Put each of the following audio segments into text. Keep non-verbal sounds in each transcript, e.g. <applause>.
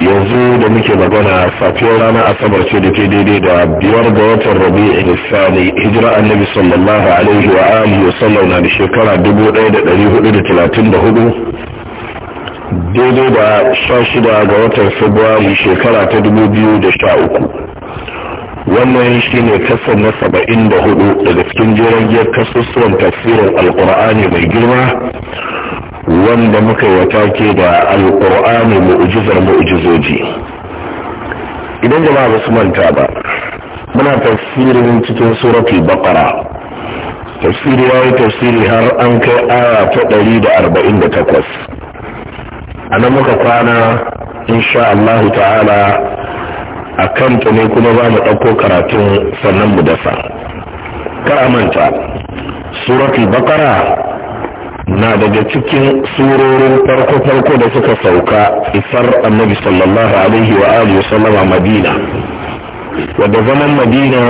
yanzu da muke magana safiyar ranar asabar ce da ke daidai da biyar ga watan rabi'in nisani hijira annabi sallallahu alaihi wa alihi wa sallam na da shekara 1434 daidai da 16 ga watan februari shekara ta 2013 wannan shi ne kasar na 74 daga cikin jeren giyar kasusuwan tafsirin alkur'ani mai girma wanda muka watake da alƙur'ani mu'ujizar mu'ujizoji idan jama'a ba su manta ba muna tafsirin cikin surafi baqara tafsiri ya yi tafsiri har an kai aya ta ɗari da arba'in da takwas a nan muka kwana insha Allah ta'ala a kanta ne kuma ba mu ɗauko karatun sannan mu dasa Ka a manta surafi baqara na daga cikin surorin farko-farko da suka sauka isar annabi sallallahu alaihi wa alihi sallama madina wadda zaman madina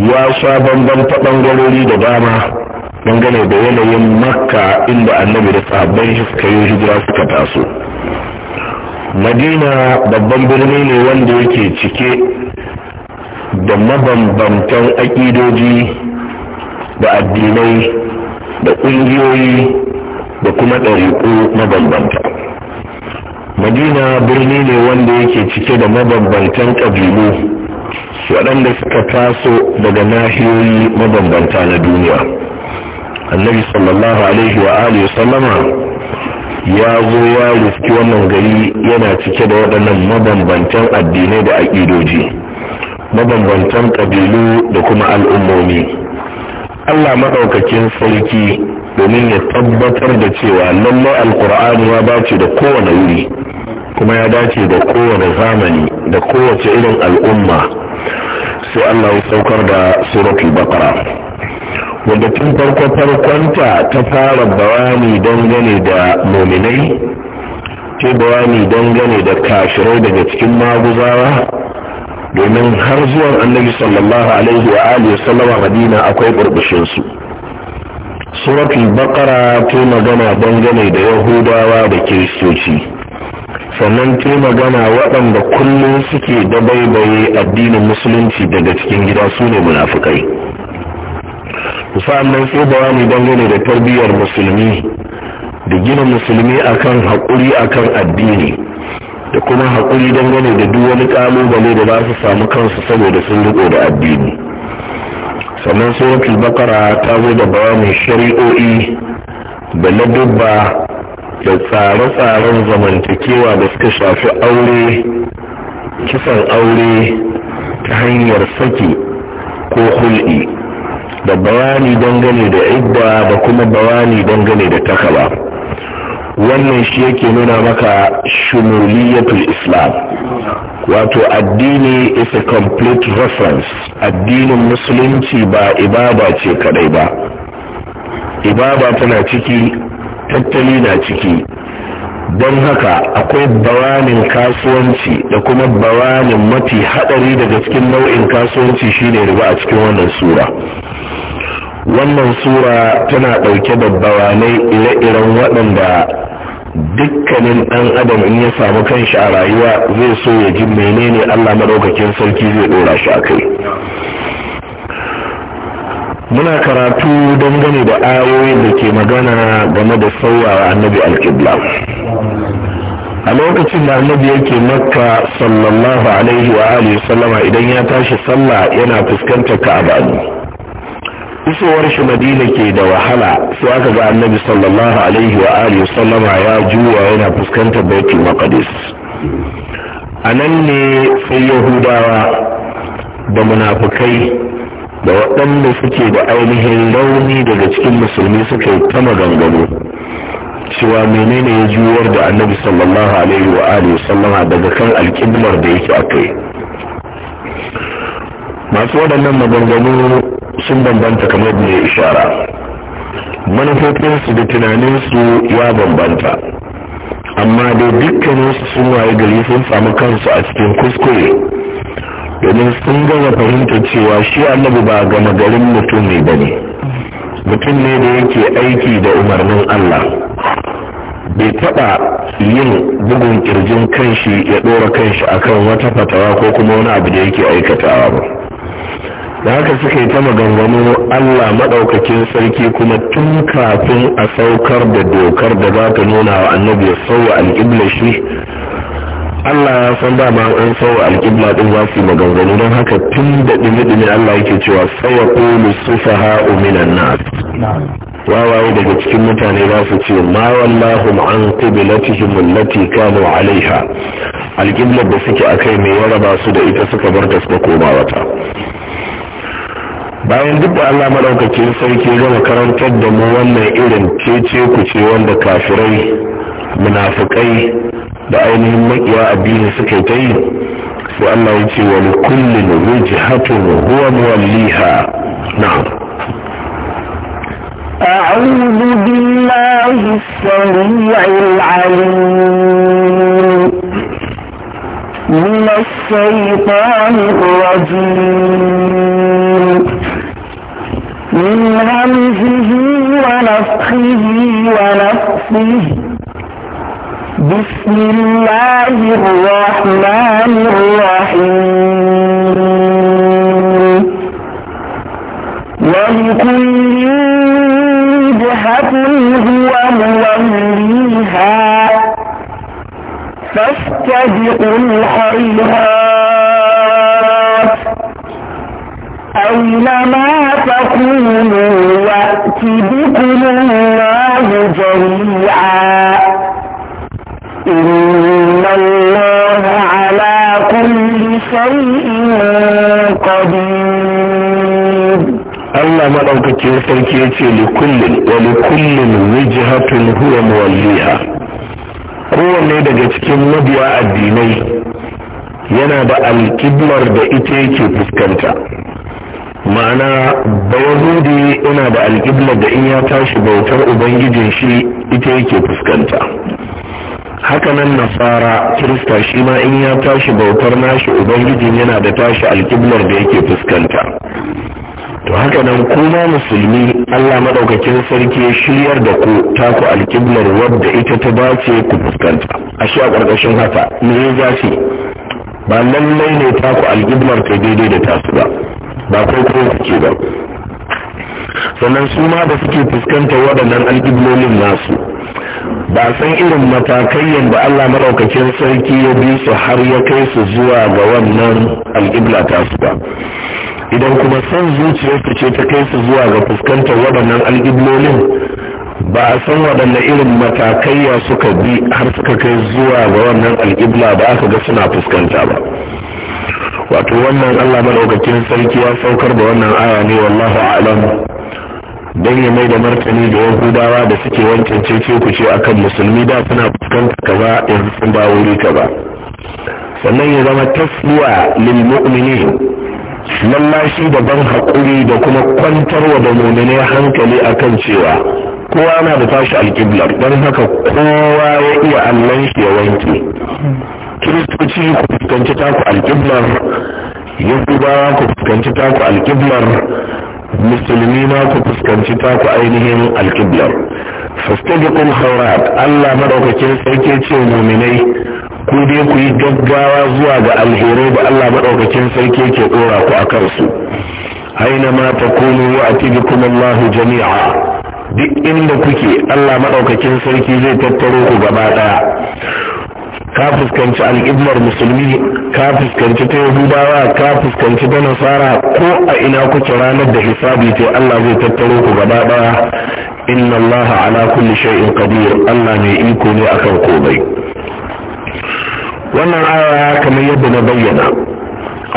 ya sha bambam ta bangarori da dama dangane da yanayin makka inda annabi da sahabbai suka yi hijira suka taso madina babban birni ne wanda yake cike da mabambantan aƙidoji da addinai da ƙungiyoyi da kuma ɗariƙu mabambanta madina birni ne wanda yake cike da mabambantan ƙabilu waɗanda suka taso daga nahiyoyi mabambanta na duniya annabi sallallahu alaihi wa alihi sallama ya zo ya riski wannan gari yana cike da waɗannan mabambantan addinai da aƙidoji mabambantan ƙabilu da kuma al'ummomi Allah maɗaukakin sarki domin ya tabbatar da cewa lalle alkur'ani ya dace da kowane wuri kuma ya dace da kowane zamani da kowace irin al'umma sai Allah ya saukar da suratul baqara wanda tun farko farkonta ta fara bayani dangane da muminai ce bayani dangane da kashirai daga cikin maguzawa domin har zuwan annabi sallallahu alaihi wa alihi sallama madina akwai burbushin su surati baqara ta magana dangane da yahudawa da kiristoci sannan ta magana waɗanda kullum suke dabaibaye addinin musulunci daga cikin gida su ne munafukai musamman sai bayani dangane da tarbiyyar musulmi da gina musulmi akan haƙuri akan addini da kuma haƙuri dangane da duk wani ƙalubale da za su samu kansu saboda sun riko da addini sannan suratul bakara ta zo da bayanin shari'o'i da dubba da tsare-tsaren zamantakewa da suka shafi aure kisan aure ta hanyar saki ko hul'i da bayani dangane da idda da kuma bayani dangane da takaba wannan shi yake nuna maka shumuliyatul islam wato addini is a complete reference addinin musulunci ba ibaba ce kadai ba ibaba tana ciki tattali na ciki don haka akwai bawanin kasuwanci da kuma bawanin mafi hadari daga cikin nau'in kasuwanci shine riba a cikin wannan sura wannan sura tana ɗauke da bayanai ire-iren waɗanda dukkanin ɗan adam in ya samu kanshi a rayuwa zai so ya ji menene allah maɗaukakin sarki zai ɗora shi a kai muna karatu dangane da ayoyin da ke magana game da sauyawa annabi alkibla a lokacin da annabi yake makka sallallahu alaihi wa alihi sallama idan ya tashi sallah yana fuskantar ka'aba ne isowar shi madina ke da wahala su aka ga annabi sallallahu alaihi wa alihi sallama ya juwa yana fuskantar baitul maqdis a ne sai yahudawa da munafukai da waɗanda suke da ainihin rauni daga cikin musulmi suka yi ta maganganu cewa menene ya juwar da annabi sallallahu alaihi wa alihi sallama daga kan alƙiblar da yake akai? masu waɗannan maganganu sun bambanta kamar da ya ishara manufofinsu da tunaninsu ya bambanta amma dai dukkaninsu sun waye gari sun samu kansu a cikin kuskure domin sun gama fahimta cewa shi annabi ba gama garin mutum ne ba ne mutum ne da yake aiki da umarnin allah bai taɓa yin bugun kirjin kanshi ya ɗora kanshi akan wata fatawa ko kuma wani abu da yake aikatawa ba da haka suka yi ta maganganu Allah maɗaukakin sarki kuma tun kafin a saukar da dokar da za ta nuna wa annabi ya sauwa alƙibla shi Allah ya san dama an sauwa alƙibla ɗin za su yi maganganu don haka tun da ɗumi-ɗumi Allah yake cewa sauwa ƙulu sufaha uminan nas wawaye daga cikin mutane za su ce ma wallahu an qiblatihim allati kanu alaiha alƙiblar da suke akai mai yaraba su da ita suka bar ta suka koma wata bayan duk da Allah madaukakin sarki gama karantar da mu wannan irin cece ku ce wanda kafirai munafikai da ainihin makiya addini suka ta yi sai Allah ya ce wa kullin wujhatun huwa mawliha na'am أعوذ بالله السميع العليم من الشيطان الرجيم من همزه ونفخه ونفسه بسم الله الرحمن الرحيم ولكل وجهة هو موليها فاستبقوا الخيرات أينما تكونوا يأت بكم الله جميعا إن الله على كل شيء قدير Allah maɗaukacin sarki ya ce likullin wa likullin wijhatun huwa muwalliha kowanne daga cikin mabiya addinai yana da alkiblar da ita yake fuskanta ma'ana da yana da alƙiblar da in ya tashi bautar ubangijin shi ita yake fuskanta hakanan nasara kirista shi ma in ya tashi bautar nashi ubangijin yana da tashi alƙiblar da yake fuskanta to haka nan kuma musulmi allah maɗaukakin sarki shiryar da ku taku alƙiblar wadda ita ta dace ku fuskanta a shi a ƙarƙashin haka me ya ba lallai ne taku alƙiblar ta daidai da tasu ba ba kai ko suke ba sannan su ma da suke fuskantar waɗannan alƙiblolin nasu ba san irin matakai yadda Allah maɗaukakin sarki ya bi su har ya kai su zuwa ga wannan alƙibla su ba idan kuma son ta ce ta kai su zuwa ga fuskantar waɗannan alƙiblolin ba a san waɗanne irin matakaiya suka bi har suka kai zuwa ga wannan alƙibla ba aka ga suna fuskanta ba wato wannan Allah madaukakin sarki ya saukar da wannan aya ne wallahu a'lam dan ya mai da martani da yahudawa da suke wancan ce ku ce akan musulmi da suna fuskanta kaza yanzu sun dawo wuri kaza sannan ya zama tasliya lil mu'minin lallashi da ban haƙuri da kuma kwantarwa da muminai hankali akan cewa kowa na da tashi alƙiblar don haka kowa ya iya allon shi ya wanke kiristoci ku fuskanci taku alƙiblar yahudawa ku fuskanci taku alƙiblar musulmi ma ku fuskanci taku ainihin alƙiblar fastabiqul khairat Allah madaukakin sarki ce muminai ku dai ku yi gaggawa zuwa ga alherai da Allah madaukakin sarki ke dora ku a kansu aina ma takunu ya'ti bikum Allah jami'a duk inda kuke Allah madaukakin sarki zai tattaro ku gaba daya ka fuskanci al'ibmar musulmi ka fuskanci ta yahudawa ka fuskanci ta nasara ko a ina kuke ranar da hisabi sai Allah zai tattaro ku gaba daya inna Allah ala kulli shay'in qadir Allah mai iko ne akan komai wannan aya kamar yadda na bayyana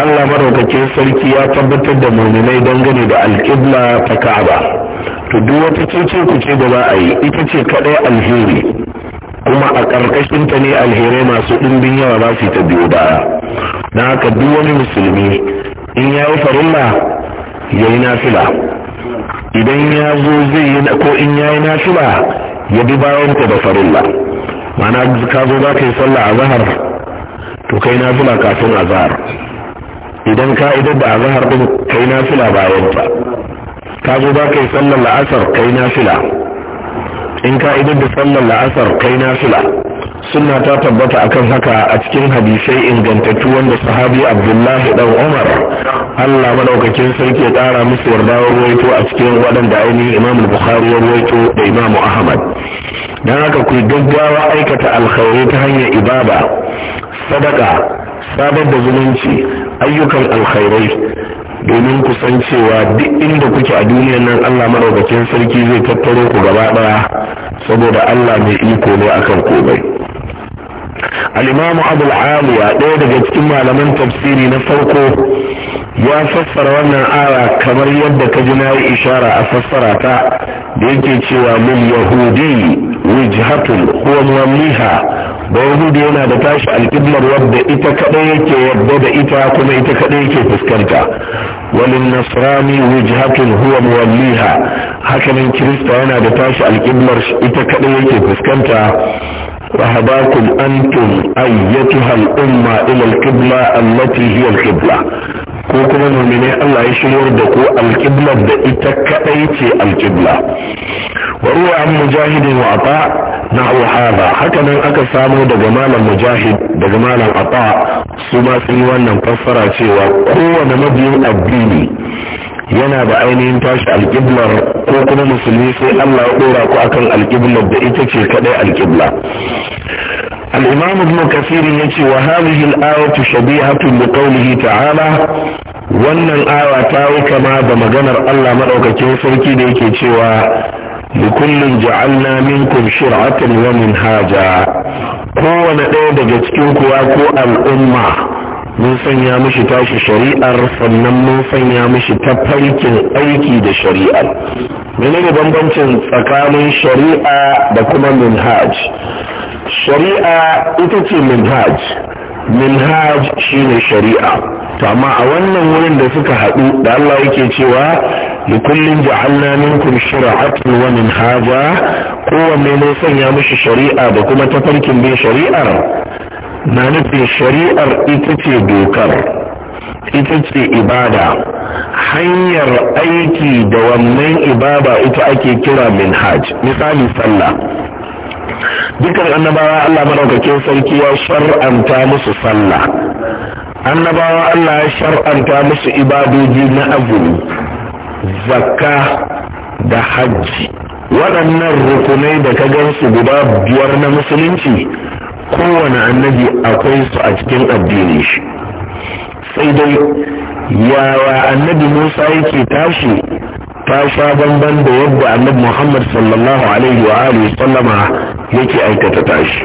Allah madaukakin sarki ya tabbatar da muminai dangane da alƙibla ta Ka'aba to duk wata ce ku ce da za a yi ita ce kaɗai alheri kuma a ƙarƙashin ta ne alherai masu ɗimbin yawa za su ta biyo baya na haka duk wani musulmi in ya yi farilla ya yi nafila idan ya zo zai yi ko in ya yi nafila ya bi bayanta da farilla mana ka zo za ka yi sallah a zahar to kai nafila kafin a zahar idan ka idar da a zahar din, kai nafila ta ka zo za ka yi sallah la'asar kai nafila in ka idan da sallar la'asar kai nafila sunna ta tabbata akan haka a cikin hadisai ingantattu wanda sahabi abdullahi dan umar allah madaukakin sarki ya kara musu yarda ruwaito a cikin waɗanda ainihin imam bukhari ya ruwaito da imam ahmad don haka ku gaggawa aikata alkhairi ta hanyar ibada sadaka sabar da zumunci ayyukan alkhairai domin ku san cewa duk inda kuke a duniyar nan Allah maraukakin sarki zai tattaro ku gaba ɗaya saboda Allah mai iko ne akan komai al-imamu abul aliya ɗaya daga cikin malaman tafsiri na farko ya fassara wannan aya kamar yadda ka ji na yi ishara a fassara ta da yake cewa min yahudi wijhatun huwa muwammiha ba yahudi yana da tashi alƙiblar wadda ita kaɗai yake yadda da ita kuma ita kaɗai yake fuskanta walin nasrani wijhatun huwa muwammiha kirista yana da tashi alƙiblar ita kaɗai yake fuskanta وهداكم أنتم أيتها الأمة إلى القبلة التي هي القبلة ko kuma muminai Allah ya shiryar da ku alƙibla da ita kaɗai ce alƙibla wa an mujahidin wa ata na hada haka nan aka samo daga malam mujahid daga malam ata su ma sun yi wannan fassara cewa kowane mabiyin addini yana da ainihin tashi alƙiblar ko kuma musulmi sai Allah ya ɗora ku akan alƙiblar da ita ce kaɗai alƙibla الإمام ابن كثير يتي وهذه الآية شبيهة بقوله تعالى وأن الآية تاوي كما بمجنر الله Sarki كيفر كده cewa لكل جعلنا منكم شرعة ومنهاجا kowane ɗaya daga cikin kuwa ko al'umma mun sanya mishi tashi shari'ar sannan mun sanya mishi farkin aiki da shari'ar menene bambancin tsakanin shari'a da kuma minhaj shari'a ita ce minhaj minhaj shine shari'a to amma a wannan wurin da suka haɗu da Allah yake cewa li kullin ja'alna minkum shari'atan wa minhaja kowanne ne sanya mishi shari'a da kuma tafarkin bin shari'ar na nufin shari'ar ita ce dokar ita ce ibada hanyar aiki da wannan ibada ita ake kira minhaj misali sallah dukkan annabawa Allah maɗaukakin sarki ya shar'anta musu sallah annabawa Allah ya shar'anta musu ibadoji na azumi zakka da hajji waɗannan rukunai da ka gansu guda biyar na musulunci kowane annabi akwai su a cikin addinin shi sai dai yawa annabi musa yake tashi ta sha bamban da yadda annabi Muhammad sallallahu alaihi wa alihi sallama yake aikata tashi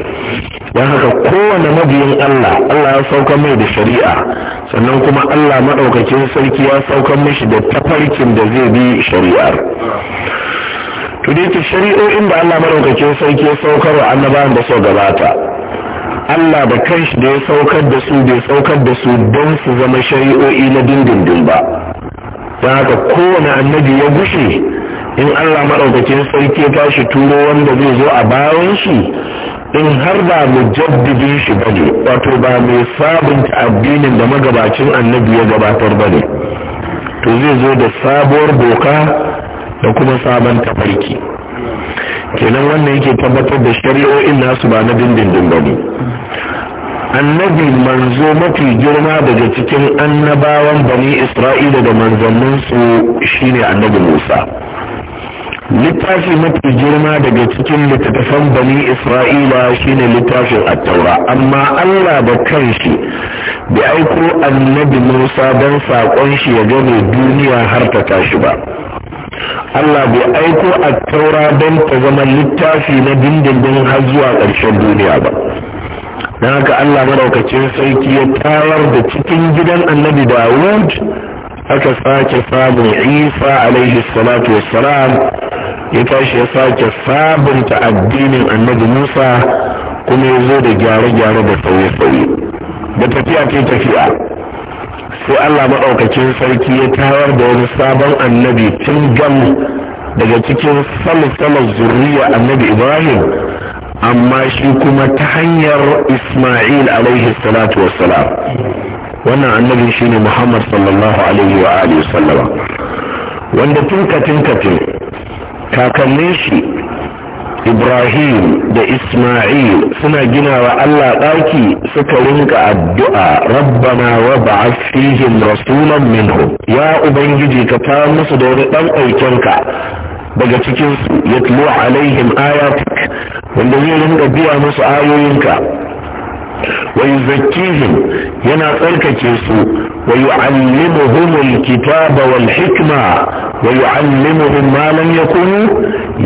dan haka kowane mabiyin Allah Allah ya sauka mai da shari'a sannan kuma Allah madaukakin sarki ya sauka mishi da tafarkin da zai bi shari'ar to dai shari'o'in da Allah madaukakin sarki ya saukar wa annabawan da so gabata Allah da kanshi da ya saukar da su bai saukar da su don su zama shari'o'i na dindindin ba don haka kowane annabi ya gushe in allah maɗaukacin sarki ya tashi turo wanda zai zo a bayan shi in har ba mujaddidin shi ba ne wato ba mai sabunta addinin da magabacin annabi ya gabatar ba ne to zai zo da sabuwar boka da kuma sabon tafarki kenan wannan yake tabbatar da shari'o'in nasu ba na dindindin ba ne annabi manzo mafi girma daga cikin annabawan bani isra'ila da su, shine annabi musa littafi mafi girma daga cikin littattafan bani isra'ila shine littafin attaura amma allah da kanshi bai aiko annabi musa don saƙon shi ya gane duniya har ta tashi ba Allah bai aiko a taura don ta zama littafi na dindindin har zuwa ƙarshen duniya ba. Na haka Allah maɗaukacin sarki ya tarar da cikin gidan annabi Dawud aka sake samun Isa alaihi salatu wassalam ya tashi ya sake sabunta addinin annabi Musa kuma ya zo da gyare-gyare da sauye-sauye da tafiya ke tafiya sai Allah maɗaukacin sarki ya tarar da wani sabon annabi tun gam daga cikin sama-sama zuriya annabi Ibrahim amma shi kuma ta hanyar Ismail alaihi salatu wassalam wannan annabi shine Muhammad sallallahu alaihi wa alihi wasallama wanda tunkatin katin kakannin shi Ibrahim da Ismail suna gina wa Allah ɗaki suka rinka addu'a rabbana wa ba'ath fihim rasulan minhu. ya ubangiji ka ta musu da wani ɗan aikenka daga cikin su yatlu alaihim ayatik wanda zai rinka biya musu ayoyinka wa yuzakkihim yana tsarkake su wa yu'allimuhum alkitaba wal hikma wa yu'allimuhum ma lam yakunu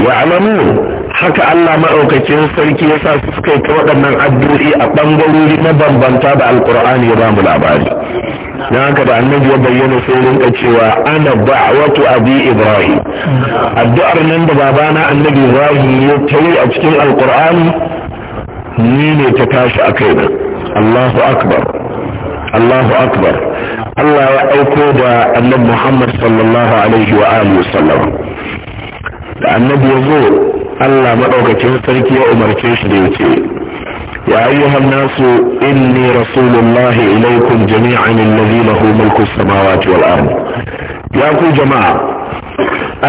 ya'lamun haka Allah maɗaukacin sarki yasa suka yi ta waɗannan addu'i a ɓangarori mabambanta da alƙur'ani ya ba mu labari don haka da annabi ya bayyana sai rinka cewa ana da'watu abi ibrahim addu'ar nan da babana annabi ibrahim ya ta a cikin alqur'ani ni ne ta tashi a kaina allahu akbar allahu akbar allah ya aiko da annabi muhammad sallallahu alaihi wa alihi sallam da annabi ya zo allah maɗaukacin sarki ya umarce shi da ya يا أيها الناس إني رسول الله إليكم جميعا الذي له ملك السماوات والأرض يا كل جماعة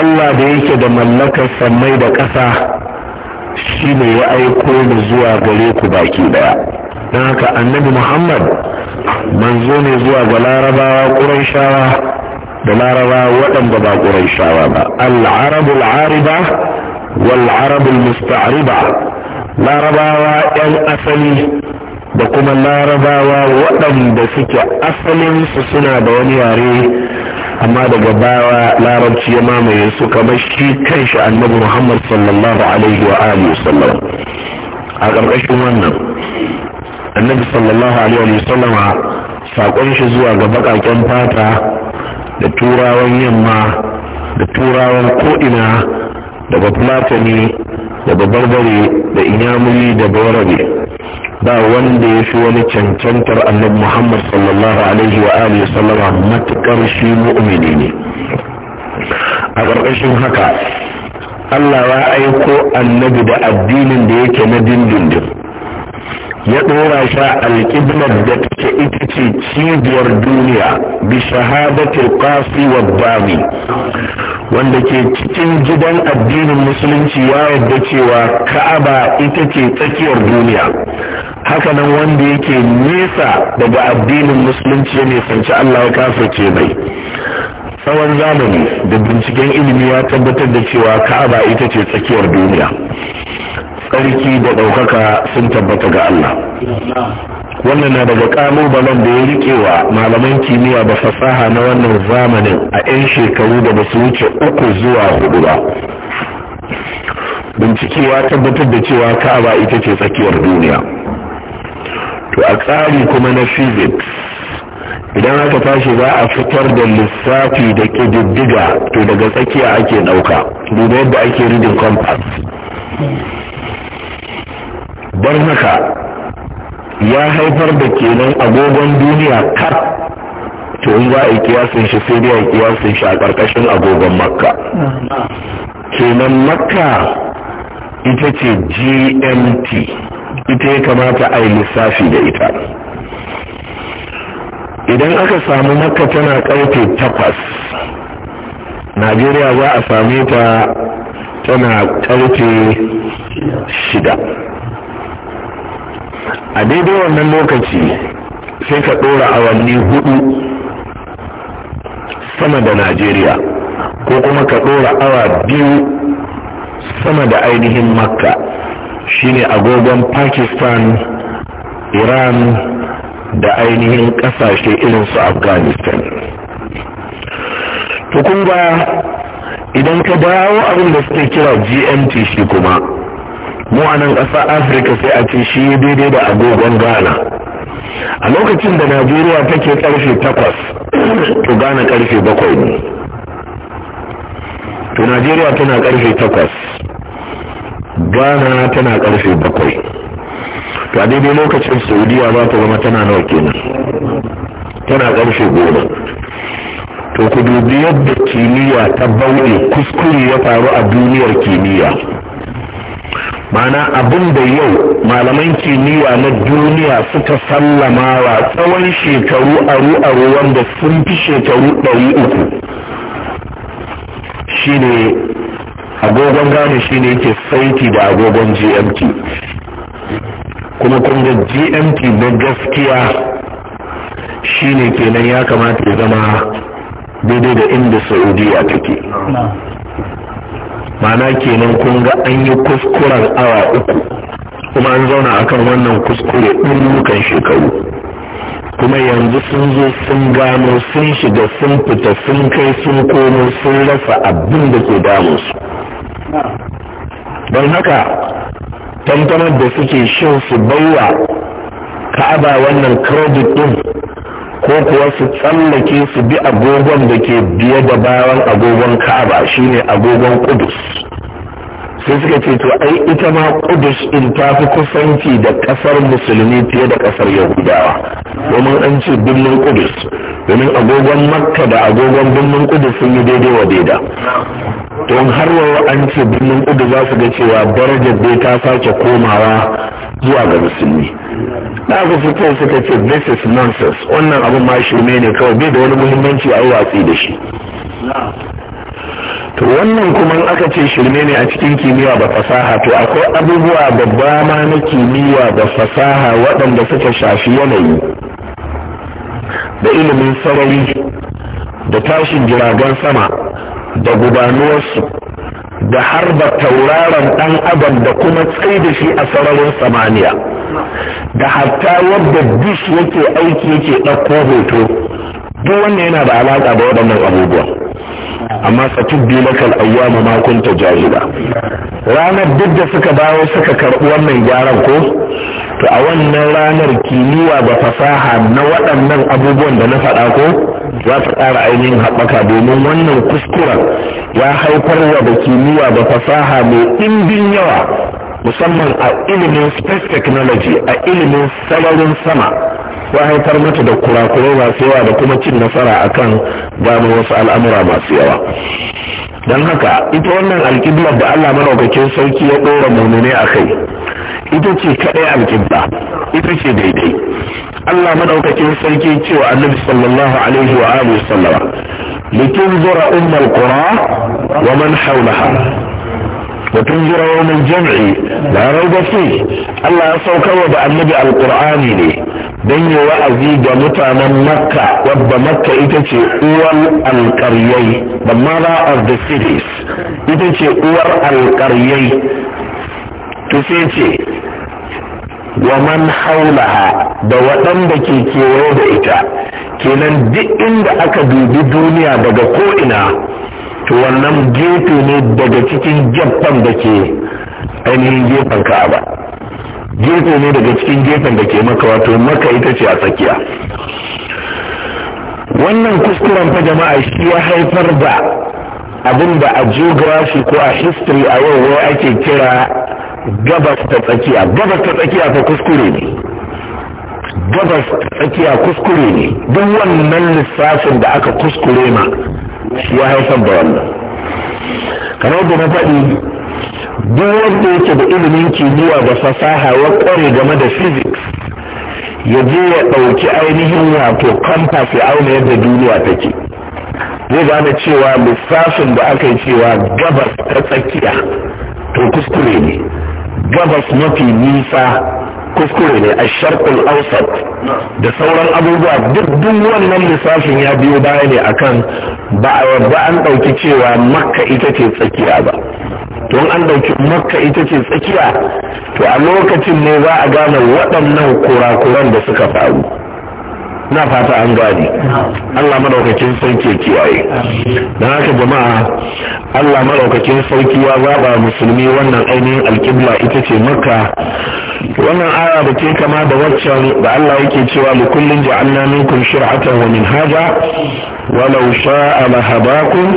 الله ديك دملك السمي دكسا شيني يأيكم زوا غليك باكي don haka annabi muhammad manzo ne zuwa ga larabawa ƙuraishawa da larabawa waɗanda ba ƙuraishawa ba al'arabul ariba wal musta'riba larabawa 'yan asali da kuma larabawa waɗanda suke asalinsu suna da wani yare amma daga bawa larabci ya mamaye su kamar shi kanshi annabi muhammad sallallahu alaihi wa alihi sallam a ƙarƙashin wannan annabi sallallahu alaihi wa sallam saƙon shi zuwa ga baƙaƙen fata da turawan yamma da turawan ko'ina daga bafulatani da babarbare da inyamuri da bawarabe ba wanda ya fi wani cancantar annabi muhammad sallallahu alaihi wa alihi sallama matukar shi mu'mini ne a ƙarƙashin haka allah ya aiko annabi da addinin da yake na dindindin ya ɗora shi alƙiblar da take ita ce cibiyar duniya bi shahadatul qasi wa dami wanda ke cikin gidan addinin musulunci ya yarda cewa ka'aba ita ce tsakiyar duniya hakanan wanda yake nesa daga addinin musulunci ya sanci Allah ya kafirce mai tsawon zamani da binciken ilimi ya tabbatar da cewa ka'aba ita ce tsakiyar duniya tsarki da ɗaukaka sun tabbata ga Allah wannan na daga ƙalubalen da ya riƙewa malaman kimiyya ba fasaha na wannan zamanin a 'yan shekaru da basu wuce uku zuwa hudu ba bincike ya tabbatar da cewa ka'aba ita ce tsakiyar duniya to a tsari kuma na physics idan aka tashi za a fitar da lissafi da ƙididdiga to daga tsakiya ake ɗauka duba yadda ake ridin compass don haka ya haifar da kenan agogon duniya kar to in za a yi kiyasin shi sai dai a yi kiyasin shi a ƙarƙashin agogon makka kenan makka ita ce gmt ita ya kamata a yi lissafi da ita idan aka samu makka tana ƙarfe takwas najeriya za a same ta tana ƙarfe shida a daidai wannan lokaci sai ka ɗora awanni hudu sama da najeriya ko kuma ka ɗora awa biyu sama da ainihin makka shine agogon pakistan iran da ainihin ƙasashe irin su afghanistan to kun ba idan ka dawo abin da suke kira gmt shi kuma mu a nan ƙasa afirka sai a ce shi daidai da agogon ghana a lokacin da najeriya take ƙarfe takwas to ghana ƙarfe bakwai ne to najeriya tana ƙarfe takwas ghana tana ƙarfe bakwai to a daidai lokacin saudiya za ta zama tana nawa kenan tana ƙarfe goma to ku dubi yadda kimiyya ta bauɗe kuskure ya faru a duniyar kimiyya mana abin da yau malaman kimiyya na duniya suka sallama wa tsawon shekaru aru-aru wanda sun fi shekaru ɗari uku shine agogon gane shine ke saiti da agogon gmt kuma kunga gmt na gaskiya shine kenan ya kamata ya zama daidai da inda saudiya take mana kenan kun ga an yi kuskuren awa uku kuma an zauna a kan wannan kuskure ɗin shekaru kuma yanzu sun zo sun gano sun shiga sun fita sun kai sun komo sun rasa abin da ke su. don haka tantamar da suke shan su baiwa ka'aba wannan kredit ɗin. ko kuwa su tsallake su bi agogon da ke biye da bayan agogon ka'aba shine agogon kudus sai suka ce to ai ita ma kudus in ta fi kusanci da kasar musulmi fiye da kasar yahudawa domin an ce birnin kudus domin agogon makka da agogon birnin kudus sun yi daidai wa daida don har yau an ce birnin kudu za su ga cewa daraja dai ta sake komawa zuwa ga musulmi na ga fito suka ce this is nonsense wannan abin ma shirme ne kawai bai da wani muhimmanci a yi watsi da shi to wannan kuma aka ce shirme ne a cikin kimiyya da fasaha to akwai abubuwa da dama na kimiyya da fasaha waɗanda suka shafi yanayi da ilimin sarari da tashin jiragen sama da gudanuwarsu da harba tauraron ɗan adam da kuma tsai da shi a sararin samaniya da hatta wadda dish yake aiki yake ɗauko hoto duk wannan yana da alaƙa da waɗannan abubuwan amma na lakal ayyama ma kunta jahila ranar duk da suka bawo suka karɓi wannan gyaran ko to a wannan ranar kimiyya da fasaha na waɗannan abubuwan da na faɗa ko za ta ƙara ainihin haɓaka domin wannan kuskuren ya haifar wa da kimiyya da fasaha mai ɗimbin yawa musamman a ilimin space technology a ilimin sararin sama ya haifar mata da kurakurai masu yawa da kuma cin nasara a kan gano wasu al'amura masu yawa don haka ita wannan alƙiblar da allah maraukakin sauki ya ɗora mummune a kai ita ce kaɗai alƙibla ita ce daidai Allah madaukakin sarki cewa annabi sallallahu alaihi wa alihi sallama litunzura ummul qura wa man hawlaha wa tunzura yawmal jam'i la rayba fi Allah ya saukarwa da annabi alqur'ani ne dan ya wa'azi ga mutanen makka wadda makka ita ce uwar alƙaryai the mother of the cities ita ce uwar alƙaryai to sai ce wa man da waɗanda ke kewaye da ita kenan duk inda aka dubi duniya daga ko'ina to wannan gefe ne daga cikin gefen da ke ainihin gefen ka'aba gefe ne daga cikin gefen da ke maka wato maka ita ce a tsakiya wannan kuskuren fa jama'a shi ya haifar da abin da a geography ko a history a yau wai ake kira gabas ta tsakiya gabas ta tsakiya fa kuskure ne gabas ta tsakiya kuskure ne duk wannan lissafin da aka kuskure ma ya haifar da wannan kamar da na faɗi duk wanda yake da ilimin kimiyya da fasaha ya kware game da physics ya je ya ɗauki ainihin wato compass ya auna yadda duniya take zai gane cewa lissafin da aka yi cewa gabas ta tsakiya to kuskure ne gabas mafi nisa kuskure ne a sharkul ausat da sauran abubuwa duk duk wannan lissafin ya biyo baya ne akan ba a yarda an ɗauki cewa makka ita ce tsakiya ba don an ɗauki makka ita ce tsakiya to a lokacin ne za a gane waɗannan kurakuran da suka faru na fata an gani Allah madaukakin sarki kiyaye dan haka jama'a Allah madaukakin sarki ya zaba musulmi wannan ainihin alkibla ita ce makka wannan aya da ke kama da waccan da Allah yake cewa li kullin ja'alna minkum shir'atan wa minhaja walau sha'a lahabakum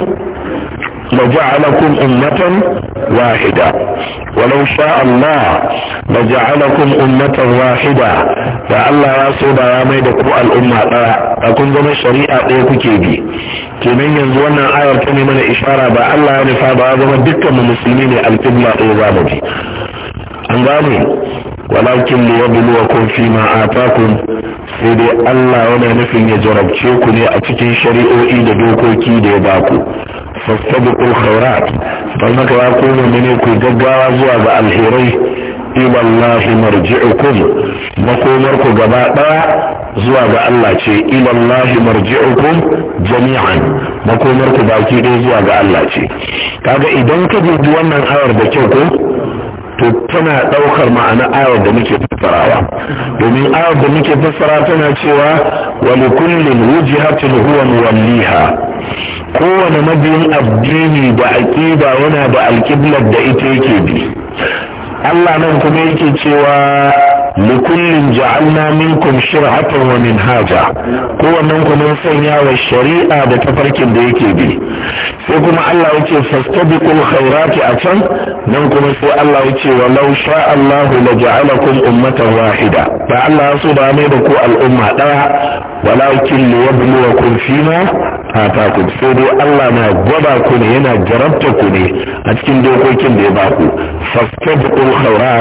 لجعلكم امة واحدة. ولو شاء الله لجعلكم امة واحدة. فالله يصود يا ميدكو الامة اكون زم الشريعة ايكو كيبي. كمين ينزونا اي الكلمة من اشارة با الله ينفع بعضنا بكم المسلمين الكبلة ايضا بي. انغامي walakin li ko fi ma atakum sai dai Allah yana nufin ya jarabce ku ne a cikin shari'o'i da dokoki da ya baku fastabiqul khairat dan haka ya koma mene ku gaggawa zuwa ga alherai ila Allah marji'ukum makomar ku gaba daya zuwa ga Allah ce ila marji'ukum jami'an makomar ku baki ɗaya zuwa ga Allah ce kaga idan ka dubi wannan ayar da kyau ko to tana ɗaukar ma'ana ayar da muke fassarawa domin ayar da muke fassara tana cewa wani kullum wujihatin huwa walliha kowane mabiyin addini da aƙida wana da alkiblar da ita yake bi Allah nan kuma yake cewa likullin ja'alna minkum shir'atan wa minhaja kowannen ku mun sanya wa shari'a da tafarkin da yake bi sai kuma Allah yake fastabiqul khairati a can nan kuma sai Allah yake wa law sha Allah la ja'alakum ummatan wahida ba Allah ya so da mai da ku al'umma daya walakin liyabluwakum fima atakum sai dai Allah na gwada ku ne yana jarabta ku ne a cikin dokokin da ya baku fastabiqul haura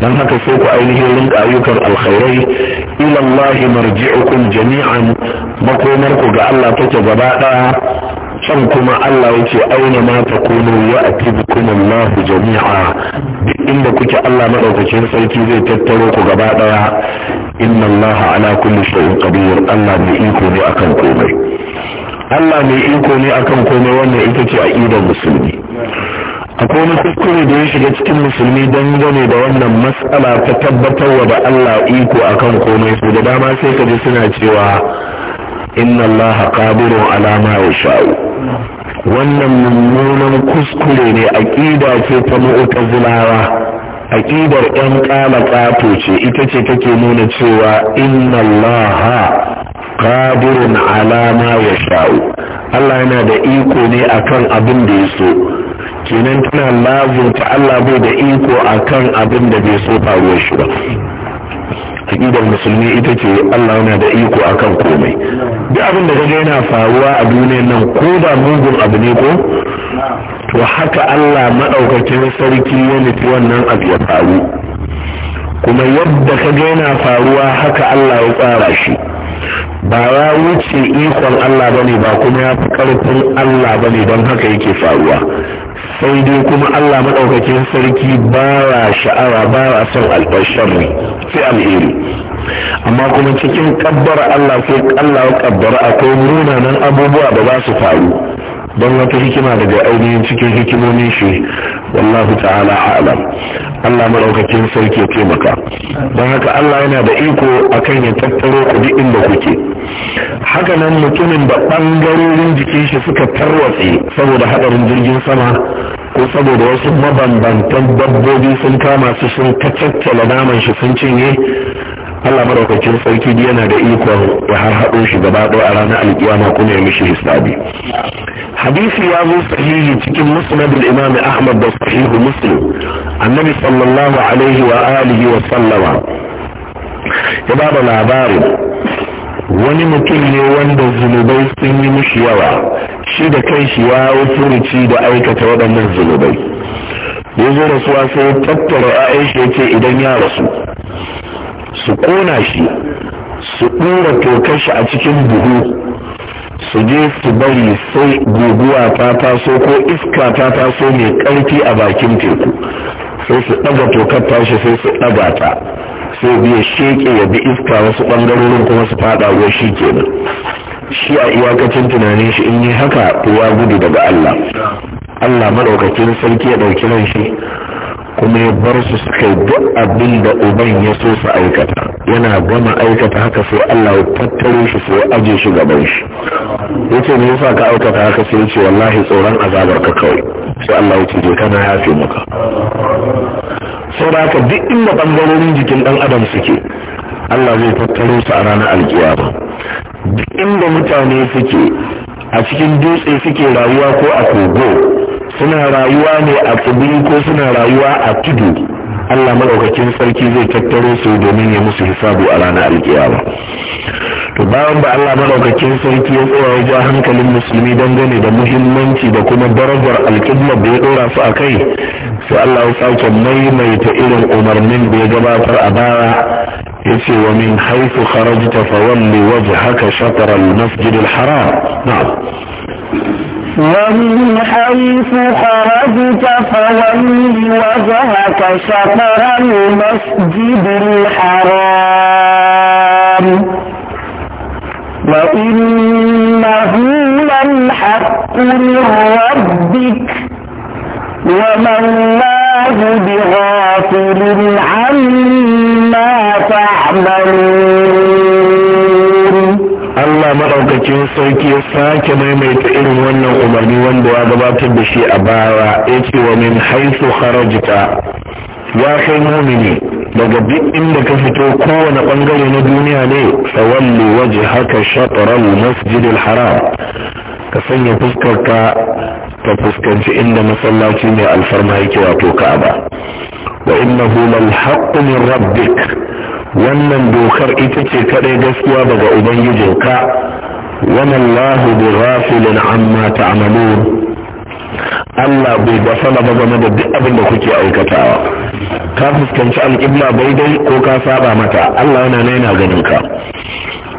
dan haka sai ku aini rinka ayyukan alkhairai ila Allah marji'ukum jami'an makomar ga Allah take gaba daya can kuma Allah yace aina mata takunu wa atibukum Allah jami'a duk inda kuke Allah madaukakin sarki zai tattaro ku gaba daya inna Allah ala kulli shay'in qadir Allah mai iko ne akan komai Allah mai iko ne akan komai wannan ita ce aqidar musulmi akwai wani kuskure da ya shiga cikin musulmi don gane da wannan matsala ta tabbatarwa da Allah iko akan komai su da dama sai ka ji suna cewa inna Allah qadirun ala ma yasha'u wannan mummunan kuskure ne aqida ce ta mu'tazilawa ƙidar 'yan ƙala ƙato ce ita ce take nuna cewa inna Allah qadirun ala ma yasha'u Allah yana da iko ne akan abin da ya so kenan tana lazumta Allah bai da iko akan abin da bai so faruwa shi ba aƙidar musulmi ita ce Allah yana da iko akan komai duk abin da kaga yana faruwa a duniyar nan ko da mugun abu ne ko to haka Allah maɗaukacin sarki ya nufi wannan abu ya faru kuma yadda kaga yana faruwa haka Allah ya tsara shi ba ya wuce ikon Allah bane ba kuma ya fi karfin Allah bane don haka yake faruwa sai dai kuma Allah maɗaukakin sarki ba ya sha'awa ba ya son ne sai alheri amma kuma cikin kabbara Allah sai Allah ya kabbara akwai munanan abubuwa da za su faru don wata hikima daga ainihin cikin hikimomin shi wallahu ta'ala alam Allah maɗaukakin sarki ya taimaka don haka Allah yana da iko akan ya tattaro ku duk inda kuke haka nan mutumin da ɓangarorin jikin shi suka tarwatse saboda haɗarin jirgin sama ko saboda wasu mabambantan dabbobi sun kama su sun kacaccala naman shi sun cinye Allah maraukakin sarki yana da ikon ya harhaɗo shi gaba ɗaya a ranar alkiyama kuma ya mishi hisabi hadisi ya zo sahihi cikin musnad al-imam ahmad da sahihu muslim annabi sallallahu alaihi wa alihi wa sallama ya ba da labarin wani mutum ne wanda zunubai sun yi mishi yawa shi da kai shi ya furuci da aikata waɗannan zunubai ya zo rasuwa sai tattara 'ya'yan shi yake idan ya rasu su kona shi su ɗora tokar shi a cikin buhu su je su bari sai guguwa ta taso ko iska ta taso mai ƙarfi a bakin teku sai su ɗaga tokar tashi sai su ɗaga ta sai biya sheƙe ya bi iska wasu ɓangarorin kuma su faɗa ruwa shi kenan shi a iyakacin tunanin shi in yi haka to ya gudu daga Allah Allah maɗaukakin sarki ya ɗauki ran shi kuma ya bar su suka duk abin da uban ya so su aikata yana gama aikata haka sai Allah ya tattaro shi sai aje shi gaban shi yace me yasa ka aikata haka sai yace wallahi tsoron azabar ka kawai sai Allah ya ce kana yafe maka da haka duk inda bangarorin jikin dan adam suke Allah zai tattaro su a ranar alkiyama duk inda mutane suke a cikin dutse suke rayuwa ko a kogo suna rayuwa ne a tsibiri ko suna rayuwa a tudu Allah maɗaukakin sarki zai tattaro su domin ya musu hisabu a ranar alkiyama to bayan ba Allah maɗaukakin sarki ya tsaya wajen hankalin musulmi dangane da muhimmanci da kuma darajar alƙiblar da ya ɗora su a kai sai Allah ya sake maimaita irin umarnin da ya gabatar a baya ya ce wa min haifu kharajta fawalli wajhaka shatr al-masjid al-haram na'am ومن حيث خرجت فولي وجهك شطر المسجد الحرام وإنه للحق من ربك وما الله بغافل عما تعملون Allah maɗaukakin sarki ya sake maimaita irin wannan umarni wanda ya gabatar da shi a baya ya ce wa min haisu harajita ya kai mumini daga duk inda ka fito kowane ɓangare na duniya ne tsawalli waje haka shatarar masjidil haram ka sanya fuskarka ka fuskanci inda masallaci mai alfarma yake wato ka'aba wa innahu lal haqqu min rabbik wannan dokar ita ce kadai gaskiya daga ubangijinka Wannan lahu bi ghafilin amma ta ta'malun Allah bai gafala ba game da duk abin da kuke aikatawa ka fuskanci alƙibla dai, ko ka saba mata Allah yana nan yana ganin ka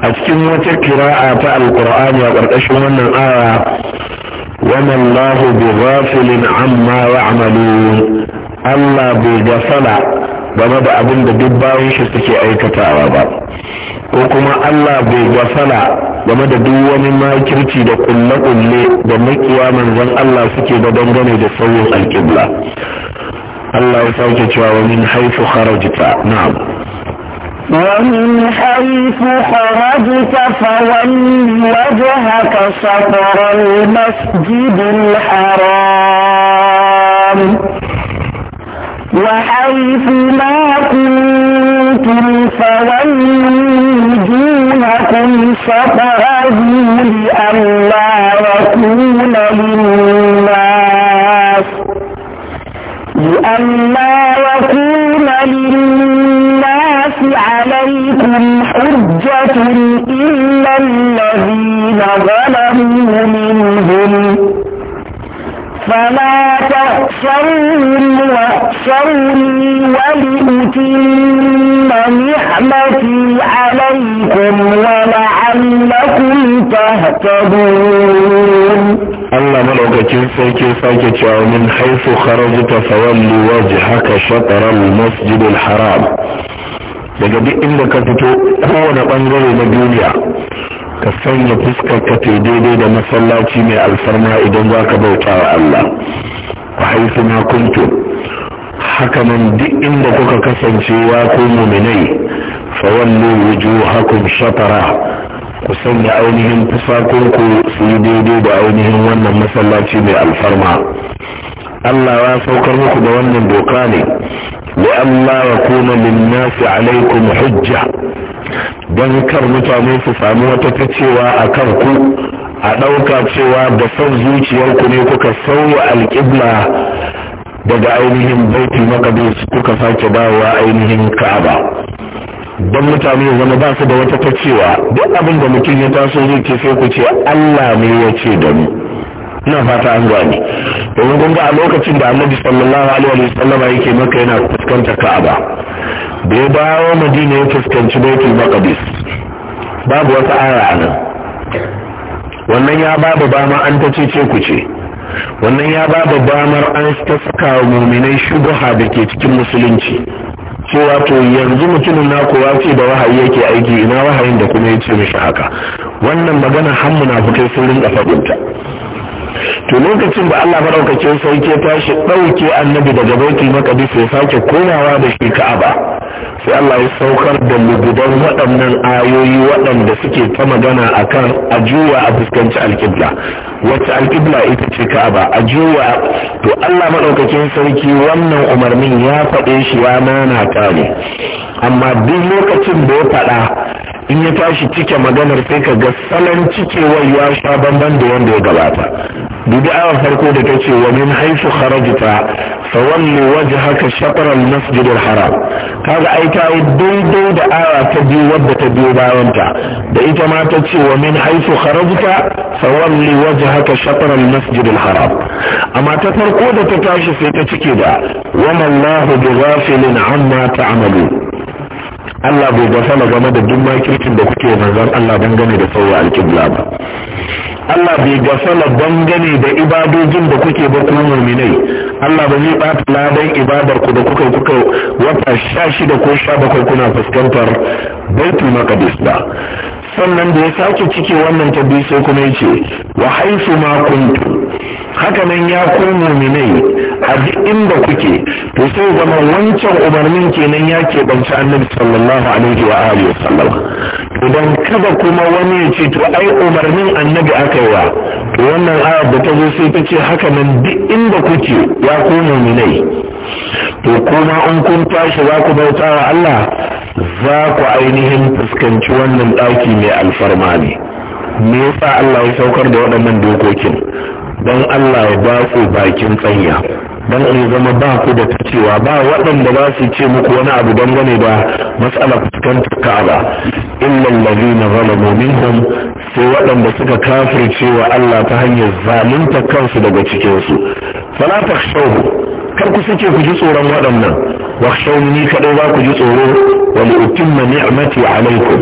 a cikin wata kira'a ta alƙur'ani a ƙarƙashin wannan aya wani lahu bi ghafilin amma ya'malun Allah bai gafala game da abin da duk bayan shi suke aikatawa ba ko kuma Allah bai gwasala game da duk wani makirci da kulle-kulle da makiya manzon Allah suke da dangane da sauyin alƙibla Allah ya sauke cewa wa min haifu kharajta na'am ومن حيث خرجت فول وجهك شطر المسجد الحرام وحيث ما كنتم فوجوهكم شطره لئلا يكون للناس لئلا يكون للناس عليكم حجة إلا الذين ظلموا منهم فلا تخشوهم شَرٌّ وَلِأُتِمَّ نِعْمَتِي عَلَيْكُمْ وَلَعَلَّكُمْ تَهْتَدُونَ الله ملوكتين سيكي سيكي ومن حيث خرجت فولي وجهك شطر المسجد الحرام لقد انك تتو أنظر نبنغل لبيوليا كسين يتسكى كتيديدي دم صلاتي من الفرماء دنزاك بوتا الله وحيث ما كنتم haka nan duk inda kuka kasancewa ko muminai fawallu wujuhakum shatara ku sanya ainihin fusakunku su yi daidai da ainihin wannan masallaci mai alfarma Allah ya saukar muku da wannan doka ne li Allah ya kuna linnasi alaikum hujja don kar mutane su sami wata ficewa a kan ku a ɗauka cewa da son zuciyarku ne kuka sauya alƙibla daga ainihin baitul maqdis kuka sake dawowa ainihin ka'aba don mutane ya zama ba su da wata ta cewa duk abin da mutum ya taso zai ke sai ku ce Allah ne ya ce da mu ina fata an gane domin kun ga a lokacin da annabi sallallahu alaihi wa sallam yake maka yana fuskanta ka'aba da ya dawo madina ya fuskanci baitul maqdis babu wata aya a nan wannan ya babu ba ma an ta ce ku ce wannan ya ba da damar an ta saka wa muminai shubuha da ke cikin musulunci cewa to yanzu mutumin na kowa ce da wahayi yake aiki ina wahayin da kuma ya ce mishi haka wannan magana na fitar sun rinka faɗinta to lokacin da Allah madaukakin sarki ya tashi dauke annabi daga baiti maqdis ya sake komawa da shi ka'aba sai Allah ya saukar da lugudan waɗannan ayoyi waɗanda suke ta magana akan a juya a fuskanci alƙibla wacce alƙibla ita ce ka'aba a to Allah madaukakin sarki wannan umarnin ya faɗe shi ya nana ne amma duk lokacin da ya faɗa in ya tashi cike maganar sai ka ga salon cikewar ya sha da wanda ya gabata dubi awa farko da ta ce wa min haifu kharajta fa wallu wajhaka shatr al masjid al haram kaga ai ta yi daidai da awa ta biyu wadda ta biyo bayan ta da ita ma ta ce wa min haifu kharajta fa wallu wajhaka shatr al masjid al haram amma ta farko da ta tashi sai ta cike da wa ma Allahu bi ghafilin amma ta'malu Allah bai gafala game da duk makircin da kuke manzon Allah dangane da sauya alƙibla ba Allah bai gafala dangane da ibadojin da kuke ba ku mu'minai Allah ba zai ɓata ladan ibadar ku da kuka kuka wata sha shida ko sha bakwai kuna fuskantar baitul maqdis ba sannan da ya sake cike wannan tabbi sai kuma yace wa haisu ma kuntu haka nan ya ku mu'minai a duk inda kuke to sai zama wancan umarnin kenan ya ke banci annabi sallallahu alaihi wa alihi sallam to dan kada kuma wani ya ce to ai umarnin annabi aka yi wa to wannan ayar da ta zo sai ta ce haka nan duk inda kuke ya ku mu'minai to kuma in kun tashi za ku bauta wa Allah za ku ainihin fuskanci wannan ɗaki mai alfarma ne me yasa Allah ya saukar da waɗannan dokokin don Allah ya ba su bakin tsanya don in zama ba ku da ta cewa ba waɗanda za su ce muku wani abu dangane da matsalar fuskantar ka'aba illa na zalamu minhum sai waɗanda suka kafirce wa Allah ta hanyar zalunta kansu daga cikin su fala kar ku sake ku ji tsoron waɗannan wa ni kadai za ku ji tsoro wa li ni'mati alaikum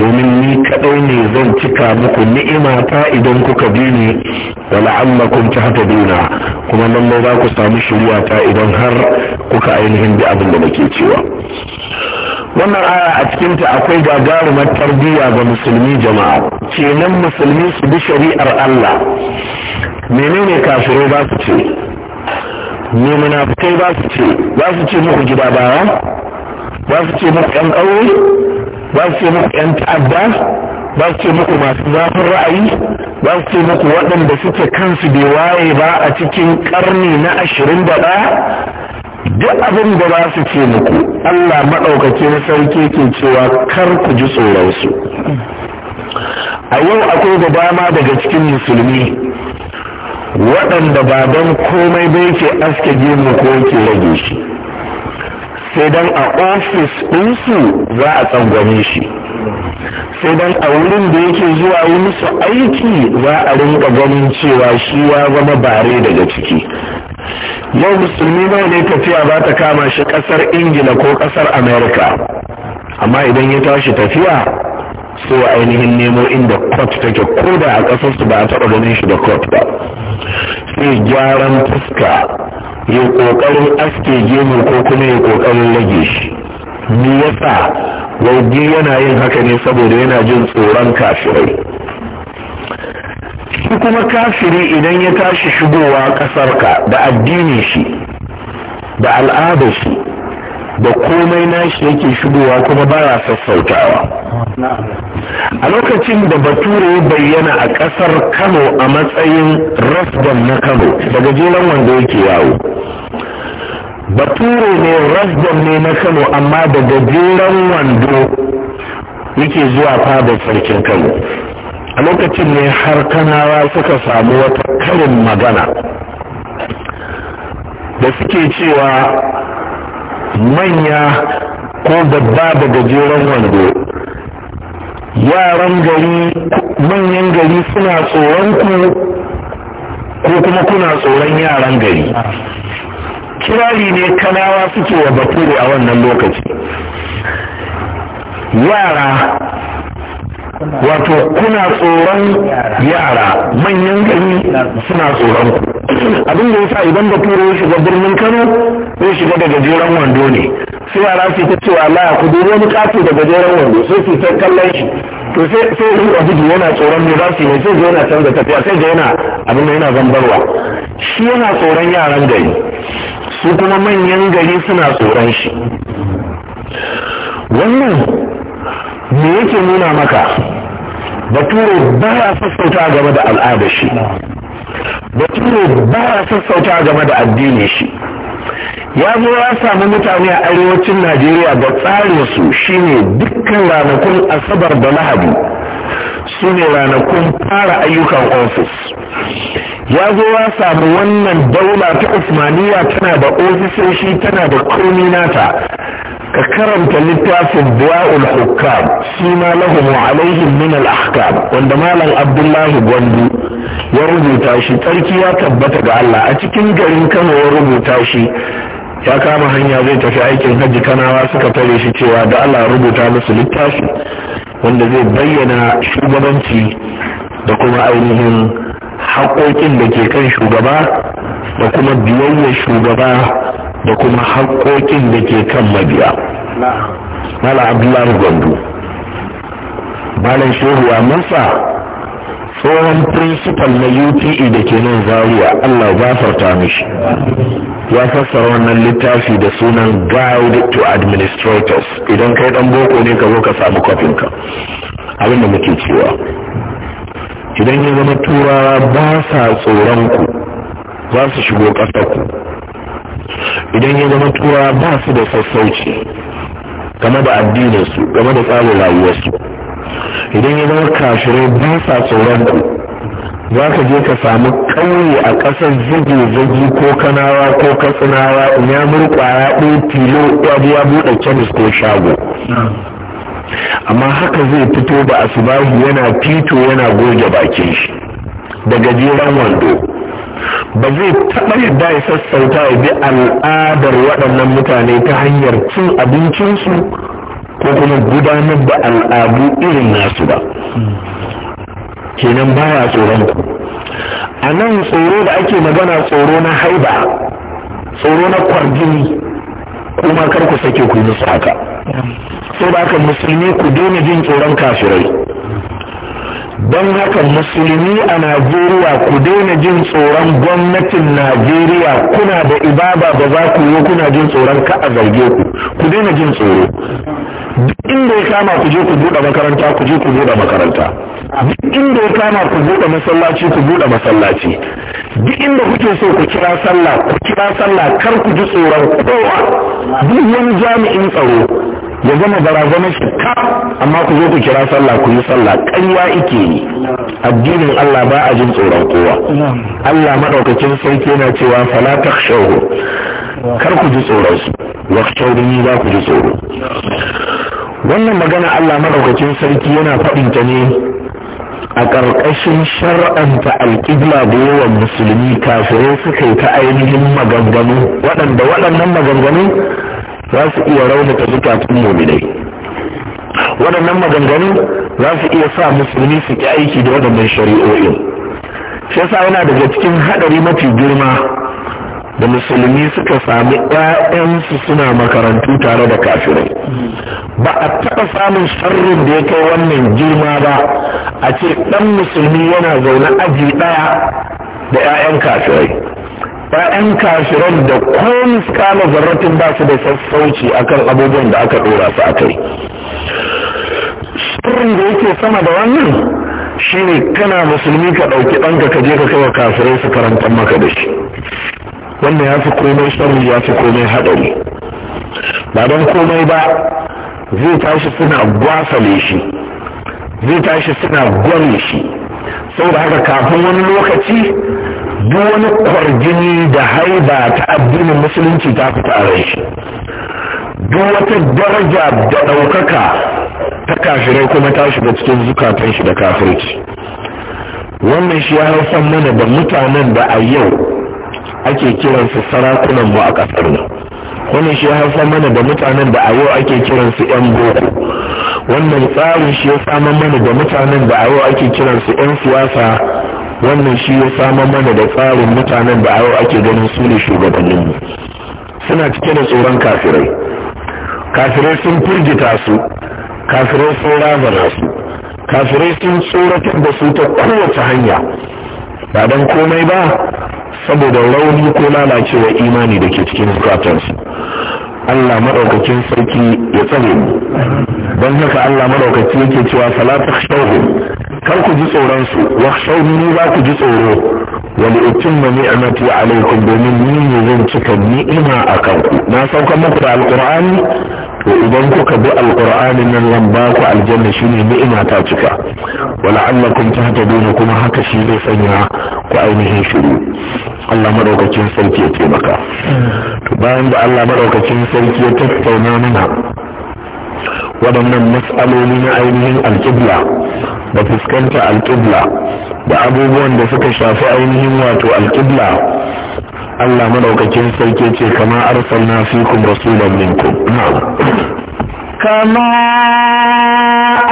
domin ni kadai ne zan cika muku ni'ima ta idan kuka bi ni wa la'allakum tahtaduna kuma nan ne za ku samu shiriya ta idan har kuka ainihin bi abin da nake cewa wannan aya a cikinta akwai gagarumar tarbiyya ga musulmi jama'a kenan musulmi su bi shari'ar Allah menene kafirai ba su ce me munafukai ba su ce ba su ce muku gida baya ba su ce muku yan ƙauye ba su ce muku yan ta'adda ba su ce muku masu zafin ra'ayi ba su ce muku waɗanda suke kansu bai waye ba a cikin ƙarni na ashirin da ɗaya duk abin da ba su ce muku allah maɗaukakin sarki ke cewa kar ku ji tsoronsu a yau akwai da dama daga cikin musulmi waɗanda ba don komai ba yake aske gemu ko yake rage shi sai don a ofis ɗinsu za a tsangwane shi sai don a wurin da yake zuwa yi musu aiki za a rinka ganin cewa shi ya zama bare daga ciki yau musulmi nawa ne tafiya ba ta kama shi ƙasar ingila ko ƙasar amerika amma idan ya tashi tafiya sai wa ainihin nemo inda court take ko da a ƙasarsu ba a taɓa ganin shi da court ba sai gyaran fuska ya ƙoƙarin aske gemu ko kuma ya ƙoƙarin rage shi me yasa wauge yana yin haka ne saboda yana jin tsoron kafirai shi kuma kafiri idan ya tashi shigowa ƙasarka da addinin shi da al'adar shi da komai nashi yake shigowa kuma ba ya sassautawa a lokacin da bature ya bayyana a ƙasar kano a matsayin rasdan na kano daga jiran wanda yake yawo bature ne rasdan ne na kano amma daga jiran wando yake zuwa fadar sarkin kano a lokacin ne har kanawa suka samu wata karin magana da suke cewa manya ko babba da gajeren wando yaran gari manyan gari suna tsoron ku ko kuma kuna tsoron yaran gari kirari ne kanawa suke wa bature a wannan lokaci yara wato kuna tsoron yara manyan gari suna tsoron ku abin da yasa idan da turo shiga birnin kano zai shiga da gajeren wando ne sai yara su ta cewa la ku dubo wani kafi da gajeren wando sai su ta kallon shi to sai sai a gudu yana tsoron me za su yi sai ga yana canza tafiya sai ga yana abin da yana zambarwa shi yana tsoron yaran gari su kuma manyan gari suna tsoron shi wannan me yake nuna maka bature ba ya sassauta game da al'adar shi bature ba ya sassauta game da addinin shi ya zo ya samu mutane a arewacin najeriya ga tsarinsu shine dukkan ranakun asabar da lahadi su ne ranakun fara ayyukan ofis ya zo ya samu wannan daula ta usmaniya tana da ofisoshi tana da komi nata ka karanta littafin duwa'ul hukam shi ma lahum alaihim min al wanda malam abdullahi gwandu ya rubuta shi tsarki ya tabbata ga Allah a cikin garin Kano ya rubuta shi ya kama hanya zai tafi aikin hajji kanawa suka tare shi cewa da Allah rubuta musu littafi wanda zai bayyana shugabanci da kuma ainihin haƙoƙin da ke kan shugaba da kuma biyayyar shugaba da kuma haƙoƙin da ke kan mabiya. Mala Abdullahi Gwandu. Malam Shehu Amansa tsohon principal na ute da ke nan Zaria Allah gafarta mishi ya fassara wannan littafi da sunan guide to administrators idan kai dan boko ne ka zo ka samu kofin ka muke cewa idan ya zama turawa ba sa tsoron ku za su shigo ƙasar ku idan ya zama turawa ba su da sassauci game da addininsu game da tsarin rayuwarsu idan ya zama kashirai bisa sa tsoron ku za ka je ka samu ƙauye a ƙasar zage-zage ko kanawa ko katsinawa ya murkwaya ɗaya tilo ya buɗe kemis ko shago amma haka zai fito da asibahi yana fito yana goge bakin shi da gajeren wando ba zai taɓa yadda ya sassauta ya bi al'adar waɗannan mutane ta hanyar cin abincinsu ko kuma gudanar da al'adu irin nasu ba kenan baya tsoron ku a nan tsoro da ake magana tsoro na haiba tsoro na kwargini kuma kar ku sake ku yi musu haka sai da aka musulmi ku daina jin tsoron kafirai don haka musulmi a najeriya ku daina jin tsoron gwamnatin najeriya kuna da ibaba ba za ku yi kuna jin tsoron ka a zarge ku ku daina jin tsoro duk inda ya kama ku je ku buɗe makaranta ku je ku buɗe makaranta duk inda ya kama ku buɗe masallaci ku buɗe masallaci duk inda kuke so ku kira sallah ku kira sallah kar ku ji tsoron kowa duk wani jami'in tsaro ya zama barazanar shi ka amma ku zo ku kira sallah ku yi sallah ƙarya ike yi addinin Allah ba a jin tsoron kowa Allah madaukakin sarki yana cewa fala takhshawhu kar ku ji tsoron su ni za ku ji tsoro wannan magana Allah madaukakin sarki yana faɗin ta ne a ƙarƙashin shar'anta alƙibla da yawan musulmi kafirai suka yi ta ainihin maganganu waɗanda waɗannan maganganu za su iya raunata zukatun muminai waɗannan maganganu za su iya sa musulmi su ki aiki da waɗannan shari'o'in shi yasa yana daga cikin haɗari mafi girma da musulmi suka sami ƴaƴansu suna makarantu tare da kafirai ba a taɓa samun sharrin da ya kai wannan girma ba a ce ɗan musulmi yana zaune aji ɗaya da ƴaƴan kafirai ‘ya'yan kafiran da ko kama zarratin ba su da sassauci akan abubuwan da aka ɗora su a kai sirrin da yake sama da wannan shine kana musulmi ka ɗauki ɗanka ka je ka kai wa kafirai su karanta maka da shi wannan ya fi komai sharri ya fi komai haɗari ba don komai ba zai tashi suna gwasale shi zai tashi suna gwale shi saboda haka kafin wani lokaci duk wani kwarjini da haiba ta addinin musulunci ta fita a rai shi duk wata daraja da ɗaukaka ta kafirai kuma ta shiga cikin zukatan shi da kafirci wannan shi ya haifar mana da mutanen da a yau ake kiransu sarakunan mu a ƙasar nan wannan shi ya haifar mana da mutanen da a yau ake kiransu 'yan boko wannan tsarin shi ya samar mana da mutanen da a yau ake kiransu 'yan siyasa wannan shi ya samar mana da tsarin mutanen da yau ake ganin su ne shugabanninmu suna cike da tsoron kafirai kafirai sun firgita su kafirai sun razana su kafirai sun tsoratar da su ta kowace hanya ba don komai ba saboda rauni ko lalacewa imani da ke cikin zukatansu Allah madaukakin sarki ya tsare mu don haka Allah madaukaki yake cewa salatu shauhu kar ku ji tsoron su ni za ku ji tsoro wani utum ma ni'amati alaikum domin ni ne zan cika ni'ima a kanku na sauka muku da alkur'ani to idan kuka bi alkur'ani nan zan ba ku aljanna shine ni'ima ta cika wala allakum tahtaduna kuma haka shi zai sanya ku ainihin shiru Allah madaukakin sarki ya taimaka to bayan da Allah madaukakin sarki ya tattauna mana waɗannan matsaloli na ainihin alƙibla da fuskanta alƙibla da abubuwan da suka shafi ainihin wato alƙibla Allah madaukakin sarki ce kama arsalna fikum rasulan minkum na'am كما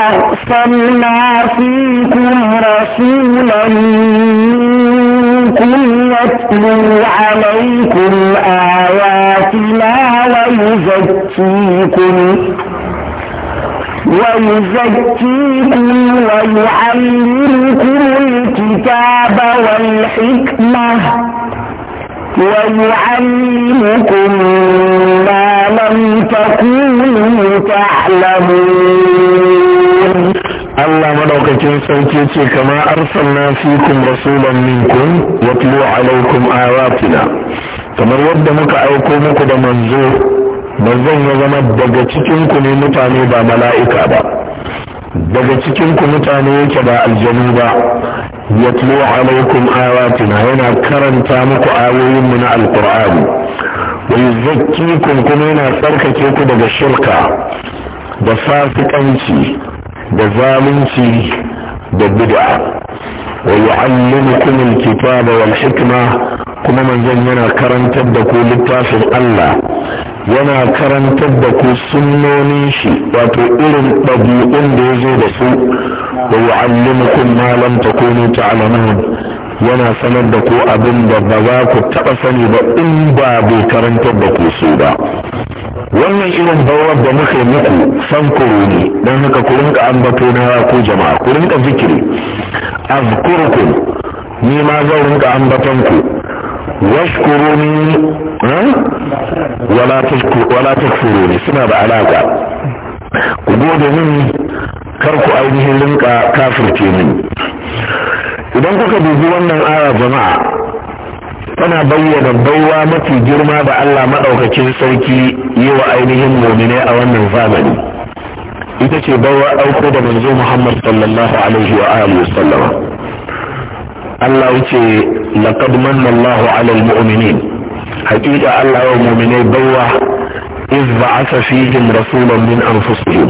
أرسلنا فيكم رسولا منكم يتلو عليكم آياتنا ويزكيكم ويزكيكم ويعلمكم الكتاب والحكمة ويعلمكم ما لم تكونوا تعلمون Allah madaukakin sarki ce kama arsalna fikum rasulan minkum yatlu alaikum ayatina kamar yadda muka aiko muku da manzo manzon ya zama daga cikin ne mutane ba mala'ika ba daga cikinku mutane yake ba aljanu ba yatlu alaikum ayatina yana karanta muku ayoyin mu na Alkur'ani, wa yuzakkikum kuma yana tsarkake ku daga shirka da fasikanci da zalunci da bid'a wa yu'allimukum alkitaba wal hikma kuma manzon yana karantar da ku littafin Allah yana karantar da ku sunnonin shi wato irin ɗabi'un da ya zo da su wa yu'allimukum ma lam takunu ta'lamun yana sanar da ku abin da ba za ku taɓa sani ba in ba bai karantar da ku su ba wannan irin bawar da muka yi muku fankuru ne don haka ku rinka ambato na ku jama'a ku rinka zikiri azkurukum ni ma zan rinka ambatan ku washkuruni Hmm? wala tashkuru ne suna da alaka ku gode min kar ku ainihin rinka kafirce min idan kuka dubi wannan aya jama'a tana bayyana baiwa mafi girma da Allah maɗaukacin sarki yi wa ainihin momine a wannan zamani ita ce baiwa aiko da manzo Muhammad sallallahu alaihi wa alihi wa sallama Allah yace laqad manna 'alal mu'minin hakika Allah wa mu'minai baiwa iz ba'atha fihim rasulan min anfusihim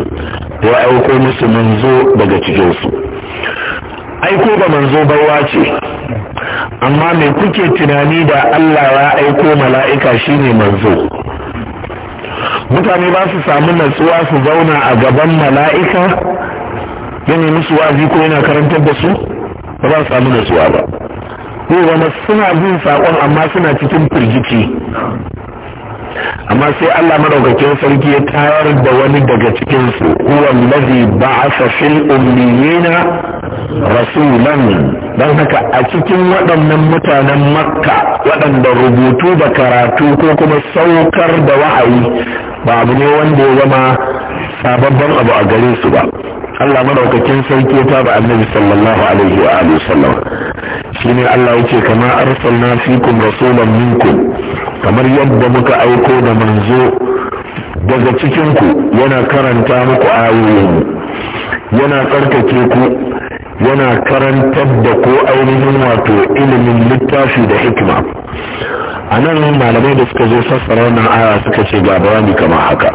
ya aiko musu manzo daga cikin aiko ba manzo baiwa ce amma me kuke tunani da Allah ya aiko mala'ika shine manzo mutane ba su samu natsuwa su zauna a gaban mala'ika yana musu wazi ko yana karantar da su ba su samu natsuwa ba ko zama suna bin saƙon amma suna cikin firgici amma sai Allah madaukakin sarki ya tayar da wani daga cikin su huwa allazi ba'atha fil ummiyina rasulan dan haka a cikin waɗannan mutanen makka waɗanda rubutu da karatu ko kuma saukar da wa'ayi ba abu ne wanda ya zama sababban abu a gare su ba Allah madaukakin sarki ya taba annabi sallallahu alaihi wa alihi sallam shine Allah yake kama arsalna fikum rasulan minkum kamar yadda muka aiko da manzo daga cikin ku yana karanta muku ayoyin yana tsarkake ku yana karantar da ko ainihin wato ilimin littafi da hikima a nan malamai da suka zo sassara wannan aya suka ce ga bayani kamar haka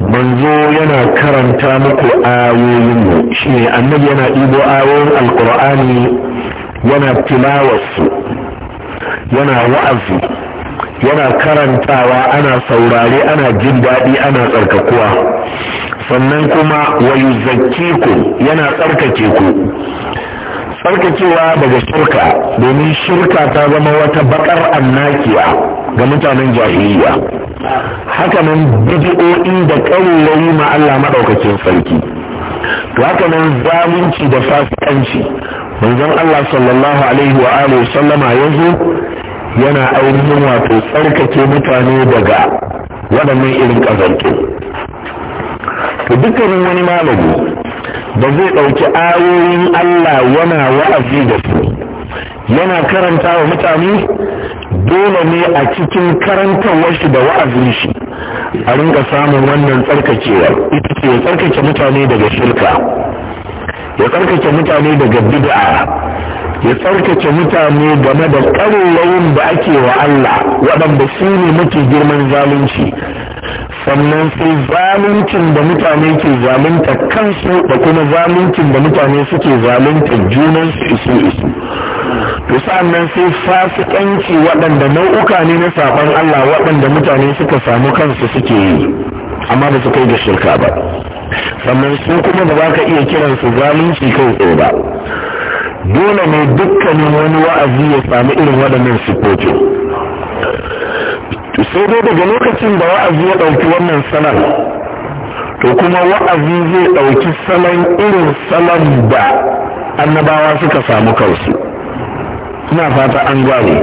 manzo yana karanta muku ayoyinmu shi ne annabi yana ɗibo ayoyin alkur'ani yana tilawarsu yana wa'azi yana karantawa ana saurare ana jin daɗi ana tsarkakuwa sannan kuma wayu zakkiku yana tsarkake ku tsarkakewa daga shirka domin shirka ta zama wata bakar annakiya ga mutanen jahiliya hakanan bid'o'i da ƙaurayi ma Allah maɗaukakin sarki to hakanan zamunci da fasikanci manzon Allah sallallahu alaihi wa alihi sallama yanzu yana aurin wato tsarkake mutane daga waɗannan irin ƙazantu to dukkanin wani malami da zai ɗauki ayoyin Allah yana wa'azi da su yana karanta wa mutane dole ne a cikin karantarwar shi da wa'azin shi a rinka samun wannan tsarkakewar ita ce ya tsarkake mutane daga shirka ya tsarkake mutane daga bid'a ya tsarkake mutane game da ƙarerayin da ake wa Allah waɗanda su ne mafi girman zalunci sannan sai zaluncin da mutane ke zalunta kansu da kuma zaluncin da mutane suke zalunta junansu isu isu to sannan sai fasikanci waɗanda nau'uka ne na saɓon Allah waɗanda mutane suka samu kansu suke yi amma ba su kai da shirka ba sannan su kuma ba ka iya kiran su zalunci kai tsaye ba dole ne dukkanin wani wa'azi ya samu irin waɗannan siffofin sai dai daga lokacin da wa'azi ya ɗauki wannan salon to kuma wa'azi zai ɗauki salon irin salon da annabawa suka samu kansu ina fata an gane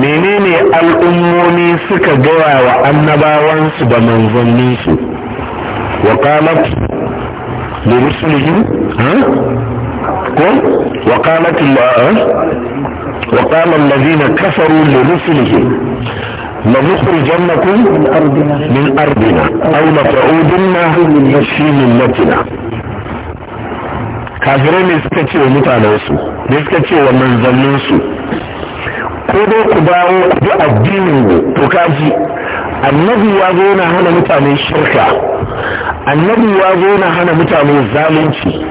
menene al'ummomi suka gaya wa annabawansu da manzanninsu wa kamar da musulmi ha ko wa qalat وقال الذين كفروا لرسلهم لنخرجنكم من أرضنا من أرضنا أو لتعودن في ملتنا kafirai ne suka ce wa mutanensu ne suka ce wa manzanninsu ko dai ku dawo ku bi addinin ku to kaji annabi ya zo na hana mutane shirka annabi ya zo na hana mutane zalunci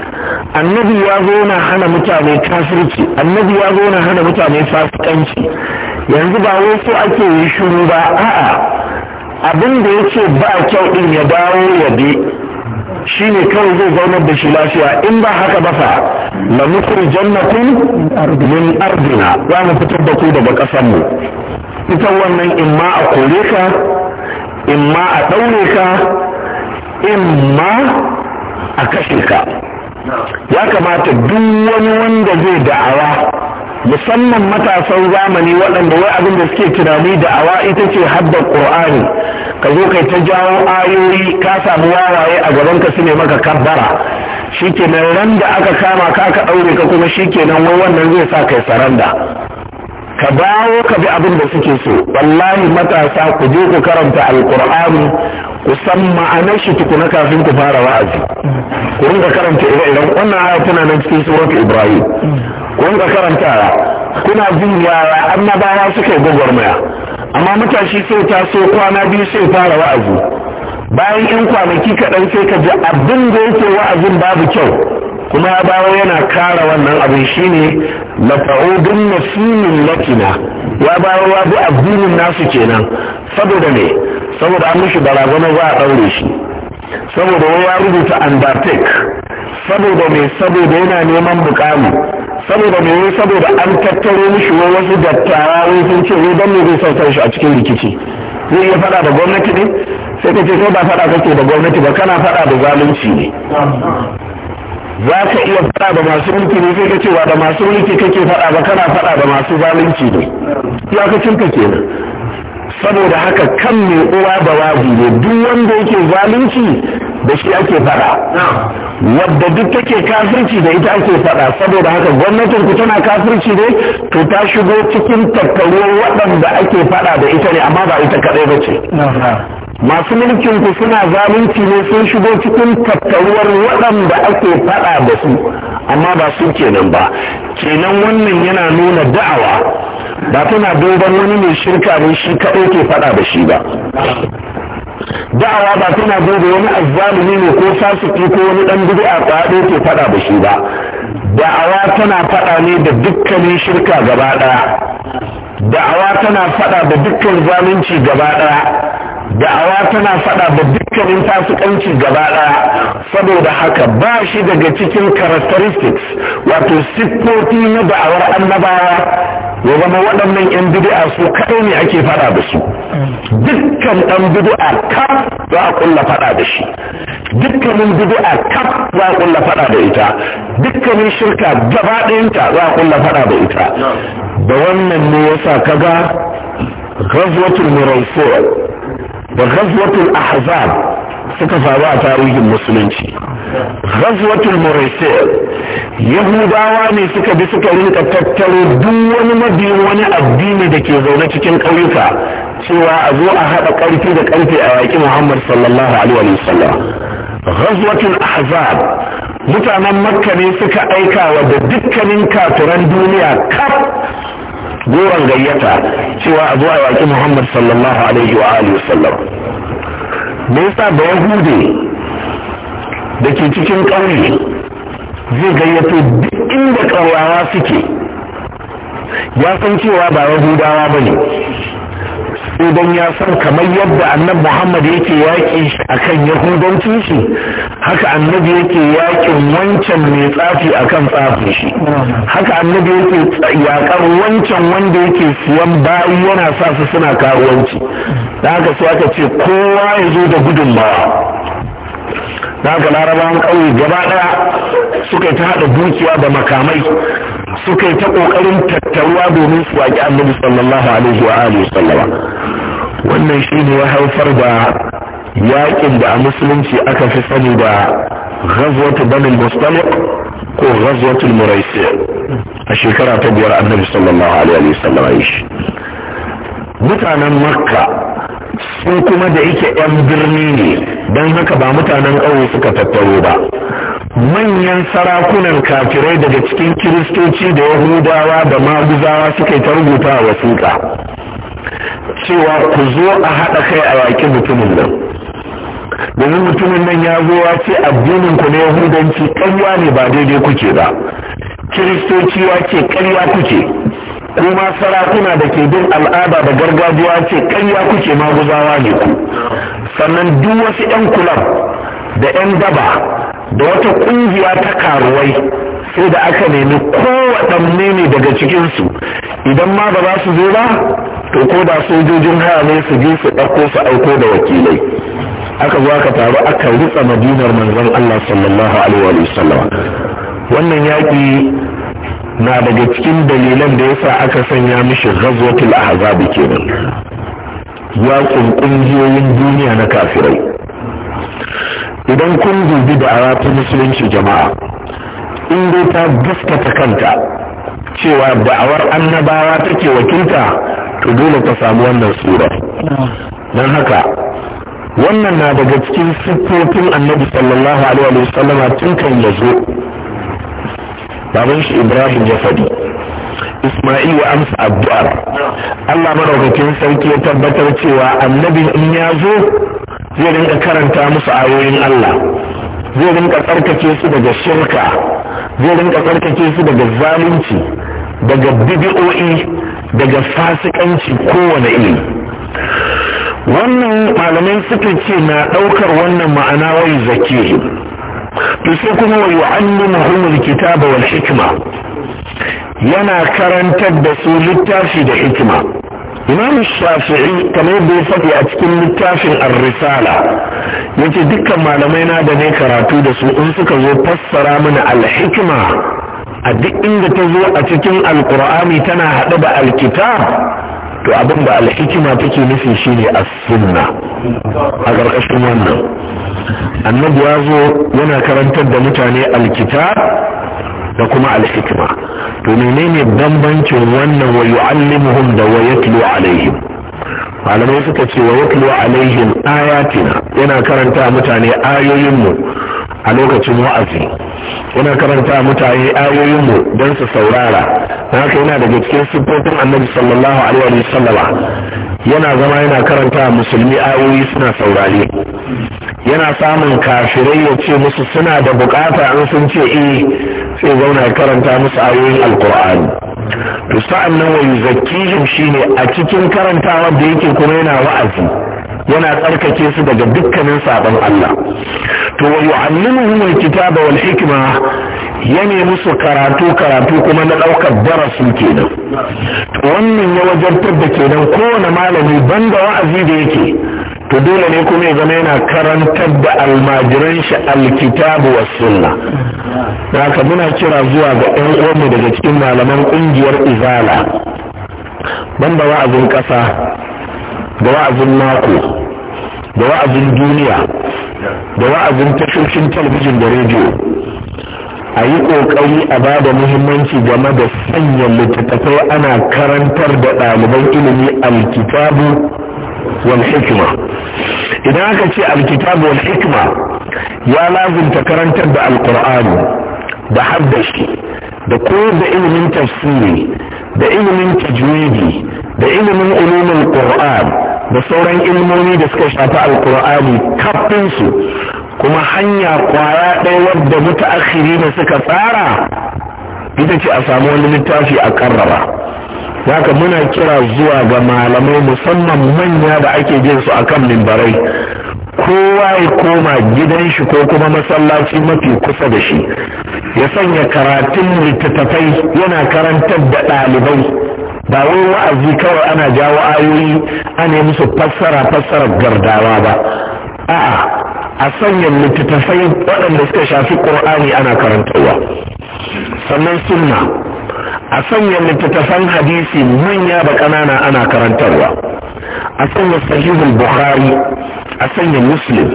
annabi ya zo na hana mutane kafirci annabi ya zo na hana mutane fasikanci yanzu ba wai so ake yi shiru ba a'a abin da ya ce ba kyau din ya dawo ya bi shi ne kawai zai zaunar da shi lafiya in ba haka ba fa na nukhrij jannatin min ardina za mu fitar da ku daga kasanmu. ita wannan in ma a kore ka in ma a ɗaure ka in ma a kashe ka ya kamata duk wani wanda zai da'awa musamman matasan zamani waɗanda wai abin da suke tunani da'awa ita ce hadda ƙur'ani ka zo kai ta jawo ayoyi ka samu wawaye a gaban ka su ne maka kabbara shikenan ran da aka kama ka ka ɗaure ka kuma shi shikenan wai wannan zai sa kai saranda ka dawo ka bi abin da suke so wallahi matasa ku je ku karanta alkur'ani ku san ma'anar shi tukuna kafin ku fara wa'azi ku rinka karanta ire-iren wannan aya tana nan cikin surat ibrahim ku rinka karanta kuna jin yara annabawa suka yi gwagwarmaya amma matashi sai ta so kwana biyu sai fara wa'azi bayan yan kwanaki kaɗan sai ka ji abin da yake wa'azin babu kyau kuma ya dawo yana kara wannan abin shine la ta'udun nasimin lakina ya dawo ya bi addinin nasu kenan saboda ne saboda an mishi barazana za a daure shi saboda ya rubuta undertake saboda mai saboda yana neman mukami saboda mai me saboda an tattaro mishi wasu dattawa sun ce wai don ne zai sautar shi a cikin rikici zai iya fada da gwamnati ne sai ka ce kai ba fada kake da gwamnati ba kana fada da zalunci ne za ka iya faɗa da masu mulki ne sai ka cewa da masu mulki kake faɗa ba kana faɗa da masu zalunci ne ka kenan saboda haka kan mai uwa da wazi ne duk wanda yake zalunci da shi ake faɗa wadda duk take kafirci da ita ake faɗa saboda haka gwamnatin ku tana kafirci ne to ta shigo cikin tattaruwar waɗanda ake faɗa da ita ne amma ba ita kaɗai ba ce masu mulkin ku suna zalunci ne sun shigo cikin tattaruwar waɗanda ake faɗa da su amma ba su kenan ba kenan wannan yana nuna da'awa ba tana dogon wani mai shirka ne shi kaɗai ke faɗa da shi ba da'awa ba tana duba wani azzalumi ne ko fasiki ko wani ɗan bid'a kwaɗo ke faɗa da shi ba da'awa tana faɗa ne da dukkanin shirka gaba ɗaya da'awa tana faɗa da dukkan zalunci gaba ɗaya da'awa tana faɗa da dukkanin fasikanci gaba ɗaya saboda haka ba shi daga cikin characteristics wato siffofi na da'awar annabawa ya zama waɗannan 'yan bid'a su kaɗai ne ake faɗa da su dukkan ɗan bid'a kaf za a kulla faɗa da shi dukkanin bid'a kaf za a kulla faɗa da ita dukkanin shirka gaba ɗayanta za a kulla faɗa da ita da wannan ne yasa kaga غزوة المريفور wa ghazwatul ahzab suka faru a tarihin musulunci ghazwatul muraisir yahudawa ne suka bi suka rinka tattaro duk wani mabiyin wani addini da ke zaune cikin ƙauyuka cewa a zo a haɗa ƙarfi da ƙarfe a yaƙi muhammad sallallahu alaihi wa sallam ghazwatul ahzab mutanen makka ne suka aika wa da dukkanin kafiran duniya kaf goron gayyata cewa a zuwa yaƙi muhammad sallallahu alaihi wa alihi wasallam me yasa da yahude da ke cikin ƙauye zai gayyato duk inda ƙauyawa suke ya san cewa ba yahudawa ba ne idan ya san kamar yadda annabi muhammad yake yaƙi akan yahudanci shi haka annabi yake yaƙin wancan mai tsafi akan tsafin shi haka annabi yake yaƙar wancan wanda yake siyan bayi yana sa su suna karuwanci da haka su aka ce kowa ya zo da gudunmawa da haka larabawan ƙauye gaba ɗaya suka yi ta haɗa dukiya da makamai suka yi ta ƙoƙarin tattaruwa domin su waƙi annabi sallallahu alaihi wa alihi sallama wannan shi ne ya haifar da yaƙin da a musulunci aka fi sani da ghazwatu banil mustaliq ko ghazwatul muraisi a shekara ta biyar annabi sallallahu alaihi wa sallama shi mutanen makka sun kuma da yake 'yan birni ne don haka ba mutanen ƙauye suka tattaro ba manyan sarakunan kafirai daga cikin kiristoci da yahudawa da maguzawa suka yi ta rubuta a wasiƙa cewa ku zo a haɗa kai a yaƙi mutumin nan domin mutumin nan ya zo ya ce addinin ku na yahudanci ƙarya ne ba daidai kuke ba kiristoci ke ce ƙarya kuke kuma sarakuna da ke bin al'ada da gargajiya ce ya kuke maguzawa ne ku sannan duk wasu 'yan kulab da 'yan daba da wata ƙungiya ta karuwai sai da aka nemi kowaɗanne ne daga cikinsu idan ma ba za su zo ba to ko da sojojin haya ne su je su ɗauko su aiko da wakilai aka zo aka taru aka ritsa madinar manzon Allah sallallahu alaihi wa sallama wannan yaƙi na daga cikin dalilan da yasa aka sanya mishi ghazwatul ahzab kenan yaƙin ƙungiyoyin duniya na kafirai idan kun dubi da aratu musulunci jama'a in dai ta gaskata kanta cewa da'awar annabawa take wakilta to dole ta samu wannan tsura don haka wannan na daga cikin siffofin annabi sallallahu alaihi wa tun kan ya zo baban shi ibrahim ya faɗi isma'ilu amsa addu'ar allah madaukakin sarki ya tabbatar cewa annabin in ya zo zai rinka karanta musu ayoyin allah zai rinka tsarkake su daga shirka zai rinka tsarkake su daga zalunci daga bibi'oi, daga fasikanci kowane iri wannan malamai suka ce na ɗaukar wannan ma'ana wai zake to kuma wa yu'allimuhum alkitaba wal hikima yana karantar da su littafi da hikima imam shafi'i kamar yadda ya faɗi a cikin littafin ar-risala yace dukkan malamai na da ne karatu da su in suka zo fassara mana al-hikma a duk inda ta zo a cikin alkur'ani tana haɗe da kitab to abin da alhikima take nufi shine as-sunna a ƙarƙashin wannan annabi ya zo yana karantar da mutane alkitab da kuma alhikima to menene bambancin wannan wa yu'allimuhum da wa yatlu alaihim malamai suka ce wa yatlu alaihim ayatina yana karanta mutane ayoyinmu a lokacin wa'azi yana karanta mutane ayoyinmu don su saurara na haka yana daga cikin siffofin annabi sallallahu alaihi wa sallama yana zama yana karanta musulmi ayoyi suna saurare yana samun kafirai ya ce musu suna da bukata an sun ce eh sai zauna ya karanta musu ayoyin alkur'ani to sa'an nan wa yuzakkihim shine a cikin karantawa da yake kuma yana wa'azi yana tsarkake su daga dukkanin sabon Allah to wa yu'allimuhum alkitaba wal hikma ya nemi su karatu karatu kuma na daukar darasin kenan to wannan ya wajartar da kenan kowane malami banda wa'azi da yake to dole ne kuma ya zama yana karantar da almajiran shi alkitabu wa sunna haka muna kira zuwa ga ɗan uwanmu daga cikin malaman ƙungiyar izala banda wa'azin ƙasa da wa'azin mako da wa'azin duniya da wa'azin tashoshin talabijin da rediyo a yi ƙoƙari a ba da muhimmanci game da sanya littattafai ana karantar da ɗaliban ilimi alkitabu wal hikima idan aka ce alkitabu wal hikima ya lazimta karantar da alkur'ani da haddashi da koyar da ilimin tafsiri da ilimin tajwidi da ilimin ulumin qur'an da sauran ilimomi da suka shafi alqur'ani kafin su kuma hanya kwaya ɗaya wadda mutaakhiri ne suka tsara ita ce a samu wani littafi a karraba haka muna kira zuwa ga malamai musamman manya da ake jin su akan mimbarai kowa ya koma gidan shi ko kuma masallaci mafi kusa da shi ya sanya karatun littattafai yana karantar da ɗalibai ba wai wa'azi kawai ana jawo ayoyi ana musu fassara fassarar gardawa ba a'a a sanya littattafai waɗanda suka shafi ƙur'ani ana karantarwa sannan sunna a sanya littattafan hadisi manya ba ƙanana ana karantarwa a sanya sahihul bukhari a sanya muslim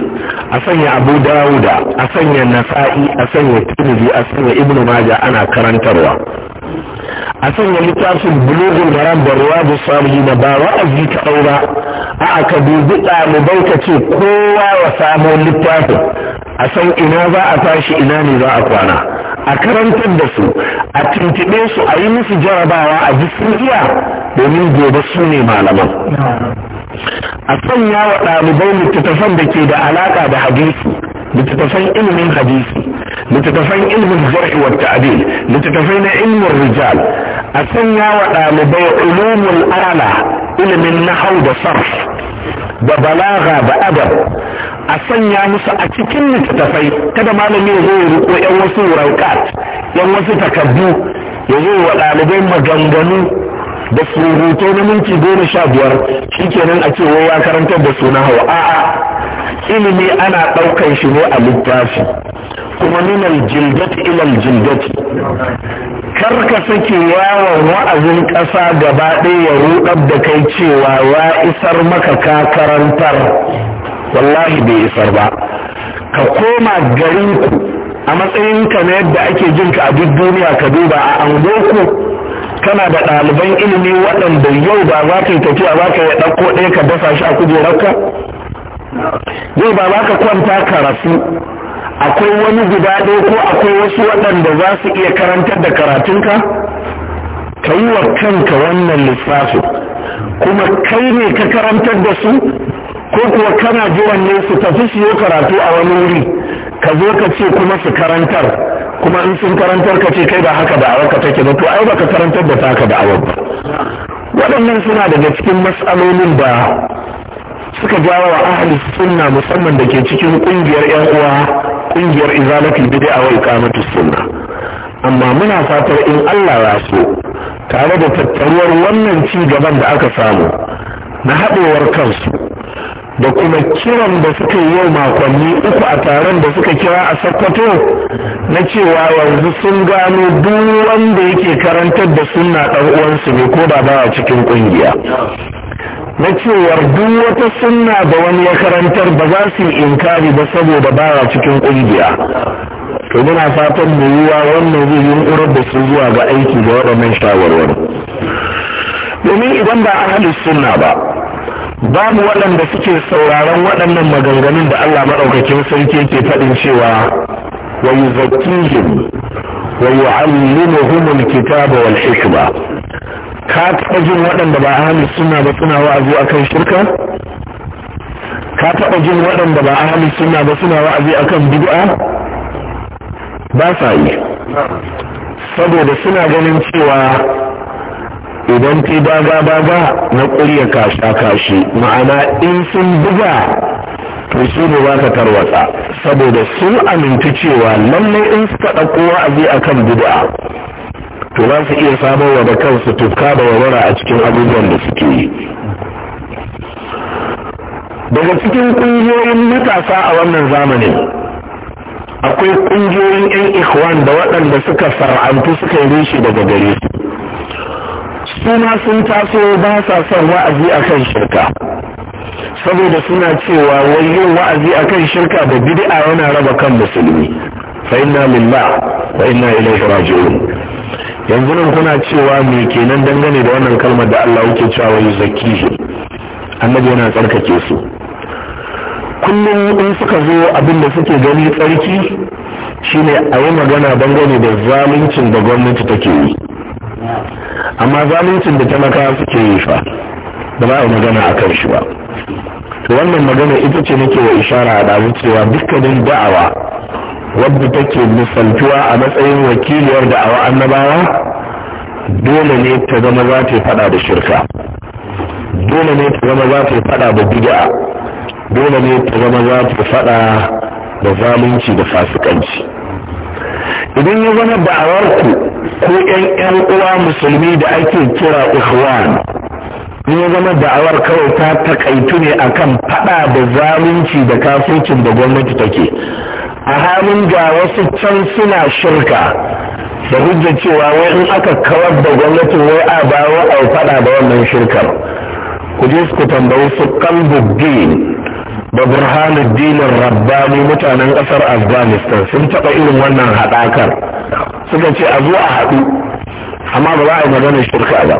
a sanya abu dawuda a sanya nasa'i a sanya tirmidhi a sanya ibnu maja ana karantarwa a sanya littafin bulugun maram da ruwa da sami na ba a zika aura a aka dubi ɗalibai ka ce kowa wa samo littafin a san ina za a tashi ina ne za a kwana a karantar da su a tuntuɓe su a yi musu jarabawa a jisiriya domin gobe su ne malaman a sanya wa ɗalibai littattafan da ke da alaƙa da hadisi littattafan ilimin hadisi littattafan ilimin zar'i wa ta'dil littattafai na ilimin rijal a sanya wa ɗalibai ulumul ala ilimin nahau da sarf da balaga da adab a sanya musu a cikin littattafai kada malami zo ya riko yan wasu raukat yan wasu takardu ya zo wa ɗalibai maganganu da surutai na minti goma sha biyar shikenan a ce wai ya karantar da su na hau a'a ilimi ana ɗaukar shi ne a littafi kuma minal jildati ilal jildati kar ka sake yawon wa'azin ƙasa gaba ɗaya ya ruɗar da kai cewa ya isar maka ka karantar wallahi bai isar ba ka koma garinku a matsayinka na yadda ake jinka a duk duniya ka duba a angoku kana da ɗaliban ilimi waɗanda yau ba za ka yi tafiya za ka yi ɗauko ɗaya ka dasa shi a kujerarka Zai ba za ka kwanta karatu, akwai wani guda ɗaya ko akwai wasu waɗanda za su iya karantar da karatunka ka yi wa kanka wannan lissafi kuma kai ne ka karantar da su ko kuwa kana jiran ne su tafi siyo karatu a wani wuri ka zo ka ce kuma su karantar kuma in sun karantar ka ce kai ba haka da'awar ka take ba to ai ka karantar da taka da'awar ba waɗannan suna daga cikin matsalolin da suka jawo wa ahli sunna musamman da ke cikin kungiyar yan uwa kungiyar izalatul a wa iqamatus sunna amma muna fatar in Allah ya so tare da tattaruwar wannan ci gaban da aka samu na haɗewar kansu da kuma kiran da suka yi yau makonni uku a taron da suka kira a sokoto na cewa yanzu sun gano duk wanda yake karantar da suna ɗan uwansu ne ko da ba a cikin ƙungiya na cewa duk wata suna da wani ya karantar ba za su yi inkari ba saboda ba a cikin ƙungiya to muna fatan mu yiwa wannan zai yi yunƙurar da su zuwa ga aiki da waɗannan shawarwari domin idan ba ahalus sunna ba babu waɗanda suke sauraron waɗannan maganganun da Allah maɗaukakin sarki yake faɗin cewa wa yuzakkihim wa yu'allimuhum alkitaba wal hikma ka taɓa jin waɗanda ba ahli sunna ba suna wa'azi akan shirka ka taɓa jin waɗanda ba ahli sunna ba suna wa'azi akan bid'a ba sa yi saboda suna ganin cewa idan ta daga daga na ƙurya kasha kashi ma'ana in sun buga to su ne za ka tarwatsa saboda sun aminta cewa lallai in suka ɗauko wa'azi a kan bid'a to za su iya wa da kansu tufka da wawara a cikin abubuwan da suke yi daga cikin ƙungiyoyin matasa a wannan zamanin akwai ƙungiyoyin 'yan ikhwan da waɗanda suka fara'antu suka yi rushe daga gare su suna sun taso ba sa son wa'azi a kan shirka saboda suna cewa wai yin wa'azi a kan shirka da bid'a yana raba kan musulmi fa inna lillah wa inna ilaihi raji'un yanzu nan kuna cewa me kenan dangane da wannan kalmar da Allah yake cewa wai zakihi annabi yana tsarkake su kullum in suka zo abin da suke gani tsarki shine a yi magana dangane da zaluncin da gwamnati take yi amma zaluncin da talakawa suke yi fa ba za a magana a kan shi ba to wannan magana ita ce nake wa ishara a dazu dukkanin da'awa wadda take misaltuwa a matsayin wakiliyar da'awa annabawa dole ne ta zama za ta fada da shirka dole ne ta zama za ta fada da bid'a dole ne ta zama za ta fada da zalunci da fasikanci idan ya zama ku ko yan yan uwa musulmi da ake kira ikhwan in ya zama da'awar kawai ta takaitu ne akan fada da zalunci da kafincin da gwamnati take a halin ga wasu can suna shirka da hujja cewa wai in aka kawar da gwamnati wai a bawa a fada da wannan shirkar ku je su tambayi su kan din da burhanuddin rabbani mutanen kasar afghanistan sun taɓa irin wannan haɗakar suka ce a zuwa haɗu amma ba za a yi maganar shirka ba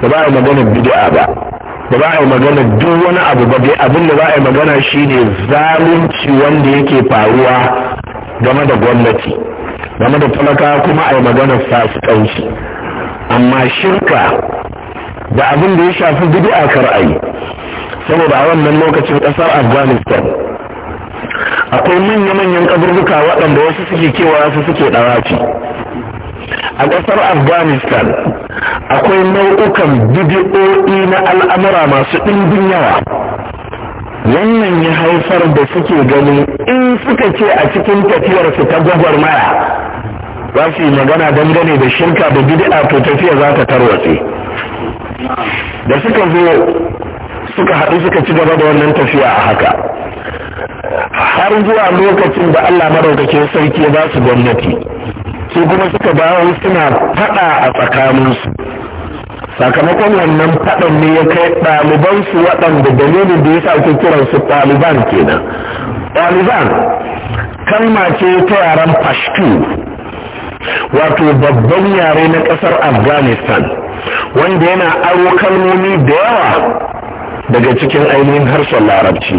ba za a yi maganar bid'a ba ba za a yi magana duk wani abu ba dai abin da za a yi magana shine zalunci wanda yake faruwa game da gwamnati game da talaka kuma a yi magana fasikanci amma shirka da abin da ya shafi bid'a kar a yi saboda a wannan lokacin ƙasar afghanistan akwai manya-manyan kaburbuka waɗanda wasu suke kewa su suke ɗawaci a ƙasar afghanistan akwai nau'ukan bidiyo'i na al'amura masu ɗimbin yawa wannan ya haifar da suke gani in suka ce a cikin tafiyarsu ta gwagwarmaya za su yi magana dangane da shirka da bid'a to tafiya za ta tarwatse da suka zo suka haɗu suka ci gaba da wannan tafiya a haka har zuwa lokacin da allah maɗaukacin sarki ya ba su gwamnati su kuma suka dawo suna faɗa a tsakaninsu sakamakon wannan faɗan ne ya kai ɗalibansu waɗanda dalilin da ya sa ake kiransu ɗaliban kenan ɗaliban kalma ce ta yaren pashtu wato babban yare na ƙasar afghanistan wanda yana aro kalmomi da yawa daga cikin ainihin harshen larabci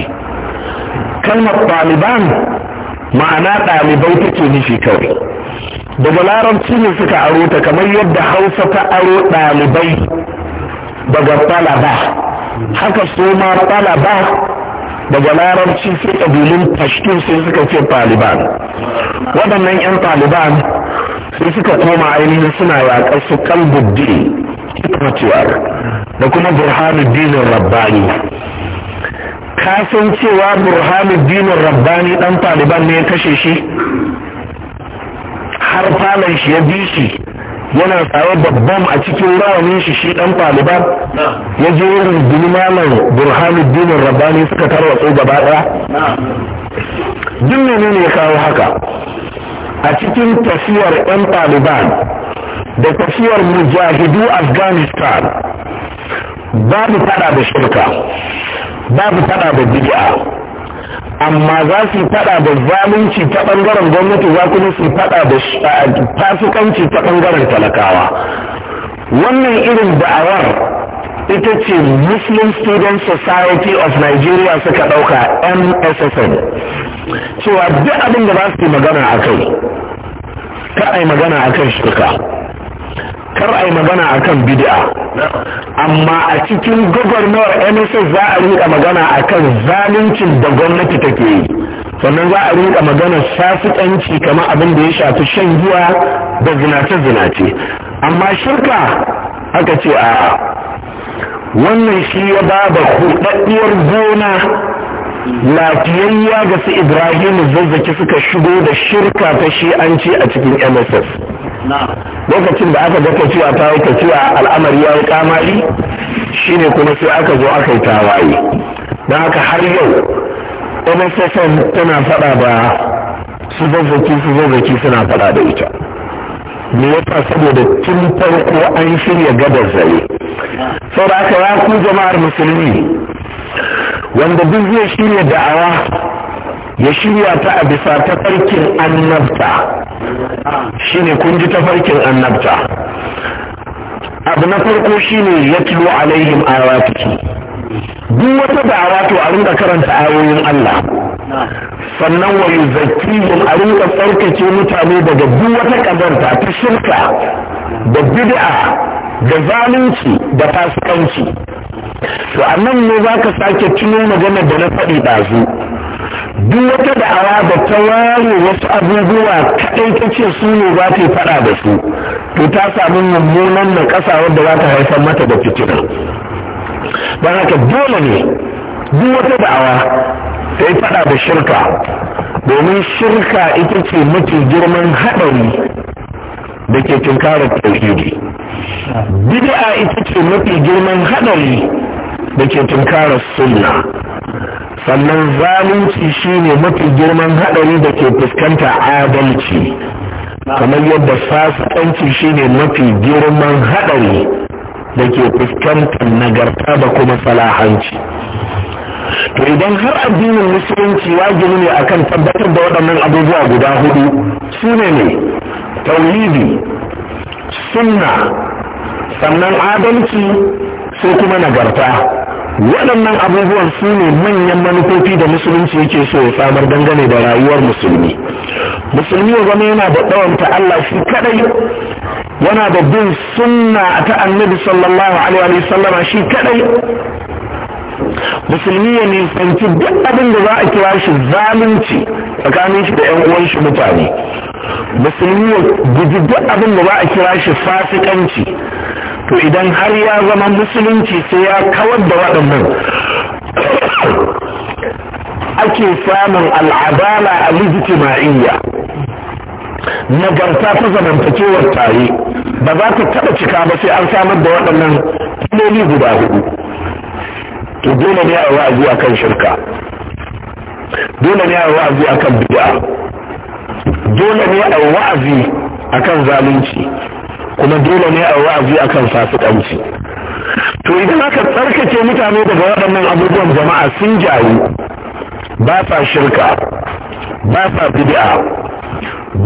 kalmar ɗaliban ma'ana ɗalibai take nufi kawai daga larabci ne suka aro ta kamar yadda hausa ta aro ɗalibai daga ɗalaba haka suma ma ɗalaba daga larabci sai ƙabilun pashtun sai suka ce taliban waɗannan 'yan taliban sai suka koma ainihin suna yaƙar su kalbuddi hikmatuwar da kuma burhanuddinin rabbani ka san cewa burhanuddinin rabbani dan taliban ne ya kashe shi har falon shi ya bi shi yana tsaye babban a cikin rawanin shi shi dan taliban ya je rungumi malam burhanuddinin rabbani suka tarwatsu gaba daya duk menene ya kawo haka a cikin tafiyar yan taliban da tafiyar mujahidu afghanistan babu fada da shirka babu fada da bid'a amma za su fada da zalunci ta bangaren gwamnati za kuma su fada da fasikanci ta bangaren talakawa wannan irin da'awar ita ce muslim student society of nigeria suka ɗauka mssn cewa duk abin da za su yi magana a kai ka magana a kan shirka kar a yi magana a kan bidi'a, amma a cikin gwagwarmawar nss za a rinka magana a kan zaluncin da gwamnati take yi sannan za a rinka magana ɗanci, kamar abin da ya shafi shan giya da zinace-zinace amma shirka aka ce a wannan shi ya ba da hudaddiyar gona lafiyayya ga su ibrahim zazzaki suka shigo da shirka ta shi'anci a cikin nss lokacin da aka ga tafiya ta yi tafiya al'amari ya yi kamari shine kuma sai aka zo aka yi tawaye don haka har yau MSSN tana faɗa da su zazzaki su zazzaki suna faɗa da ita me yasa saboda tun farko an shirya gadar zare saboda aka ya ku jama'ar musulmi wanda duk zai shirya da'awa ya shirya ta a bisa tafarkin annabta shine kun ji tafarkin annabta abu na farko shine ya tilo alaihim aratuki. duk wata da to a rinka karanta ayoyin Allah sannan wa yuzakkihim a rinka tsarkake mutane daga duk wata kazanta ta shirka da bid'a da zalunci da fasikanci to anan ne zaka sake tuno magana da na faɗi ɗazu duk wata da'awa da ta ware wasu abubuwa kaɗai ta ce su ne za ta yi faɗa da su to ta samu mummunan na ƙasa wadda za ta haifar mata da fitina don haka dole ne duk wata da'awa ta yi faɗa da shirka domin shirka ita ce mafi girman haɗari da ke tunkarar tauhidi bid'a ita ce mafi girman haɗari da ke tunkarar sunna sannan zalunci shine mafi girman haɗari da ke fuskanta adalci kamar yadda fasikanci shine mafi girman haɗari da ke fuskantar nagarta da kuma salahanci to idan har addinin musulunci wajibi ne akan tabbatar da waɗannan abubuwa guda hudu su ne ne tauhidi sunna sannan adalci sai kuma nagarta waɗannan abubuwan su ne manyan manufofi da musulunci yake so ya samar dangane da rayuwar musulmi musulmi ya zama yana da ɗawanta Allah shi kadai yana da bin sunna a ta annabi sallallahu alaihi wa sallama shi kadai musulmi ya nisanci duk abin da za a kira shi zalunci tsakanin shi da yan uwan shi mutane musulmi ya guji duk abin da za a kira shi fasikanci to idan har ya zama musulunci sai ya kawar da waɗannan ake samun al'adala a lijitima'iyya nagarta ta zamantakewar tare ba za ta taɓa cika ba sai an samar da waɗannan filoli guda hudu to dole ne a wa'azi a kan shirka dole ne a wa'azi a kan bid'a dole ne a wa'azi a kan zalunci kuma dole ne a wa'azi akan fasikanci to idan aka tsarkake mutane daga waɗannan abubuwan jama'a sun jaru ba sa shirka ba sa bid'a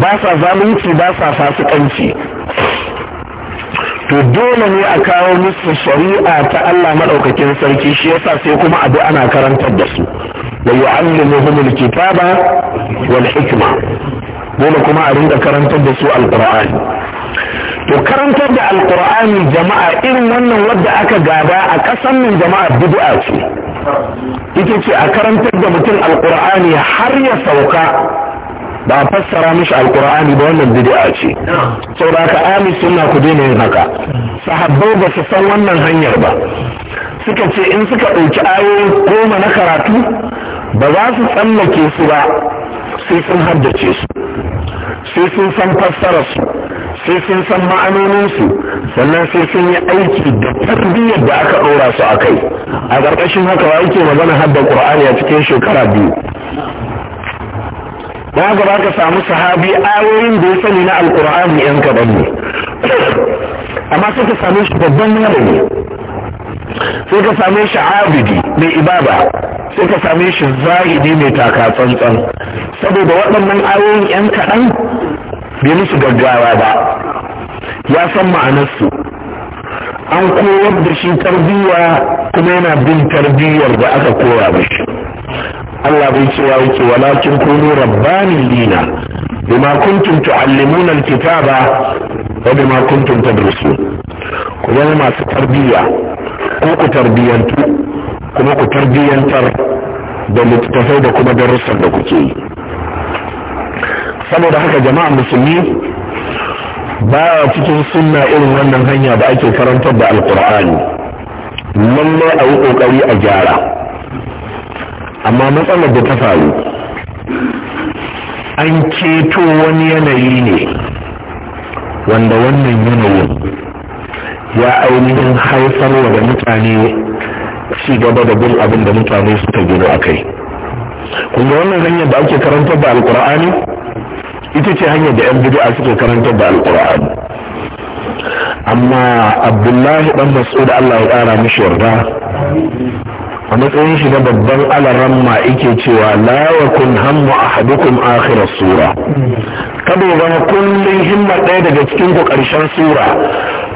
ba sa zalunci ba sa fasikanci to dole ne a kawo musu shari'a ta Allah maɗaukakin sarki shi yasa sai kuma abu ana karantar da su wa yu'allimuhum alkitaba wal hikma dole kuma a rinka karantar da su alqur'ani to karantar da alkur'ani jama'a irin wannan wadda aka gada a kasan nan jama'a bid'a ce ita ce a karantar da mutum alkur'ani har ya sauka ba a fassara mishi alkur'ani ba wannan bid'a ce saboda haka Ami sunna ku daina yin haka sahabbai ba su san wannan hanyar ba suka ce in suka ɗauki ayoyi goma na karatu ba za su tsallake su ba sai sun haddace su sai sun san fassara su sai sun san ma'anoninsu sannan sai sun yi aiki da tarbiyyar da aka ɗora su a kai a ƙarƙashin haka wa yake magana hadda ƙur'ani a cikin shekara biyu na gaba ka samu sahabi ayoyin da ya sani na alƙur'ani yan kaɗan ne <coughs> amma suka same shi babban malami sai ka same shi abidi mai ibada sai ka same shi zahidi mai taka tsantsan saboda waɗannan ayoyin 'yan kaɗan bai musu gaggawa ba ya san ma'anarsu an koyar da shi tarbiyya kuma yana bin tarbiyyar da aka koya mashi Allah bai cewa yake walakin kunu rabbanin dina bima kuntum tu'allimuna alkitaba wa bima kuntum tadrusun ku zama masu tarbiyya Kuma ku tarbiyyantu kuma ku tarbiyyantar da littattafai da kuma darussan da kuke yi saboda haka jama'a musulmi baya cikin sunna irin wannan hanya da ake karantar da alkur'ani lalle a yi kokari a gyara amma matsalar da ta faru an ceto wani yanayi ne wanda wannan yanayin ya ainihin haifar wa da mutane ci gaba da bin abin da mutane suka gino a kai kuma wannan hanyar da ake karantar da alkur'ani ita ce hanyar da 'yan a suke karantar da alkur'ani amma abdullahi dan da allah ya kara mishi yarda a matsayin shi na babban alaran ma ike cewa lawa kun hammu hadukun akhir sura kada ya zama kullum himmar ɗaya daga cikin ku ƙarshen sura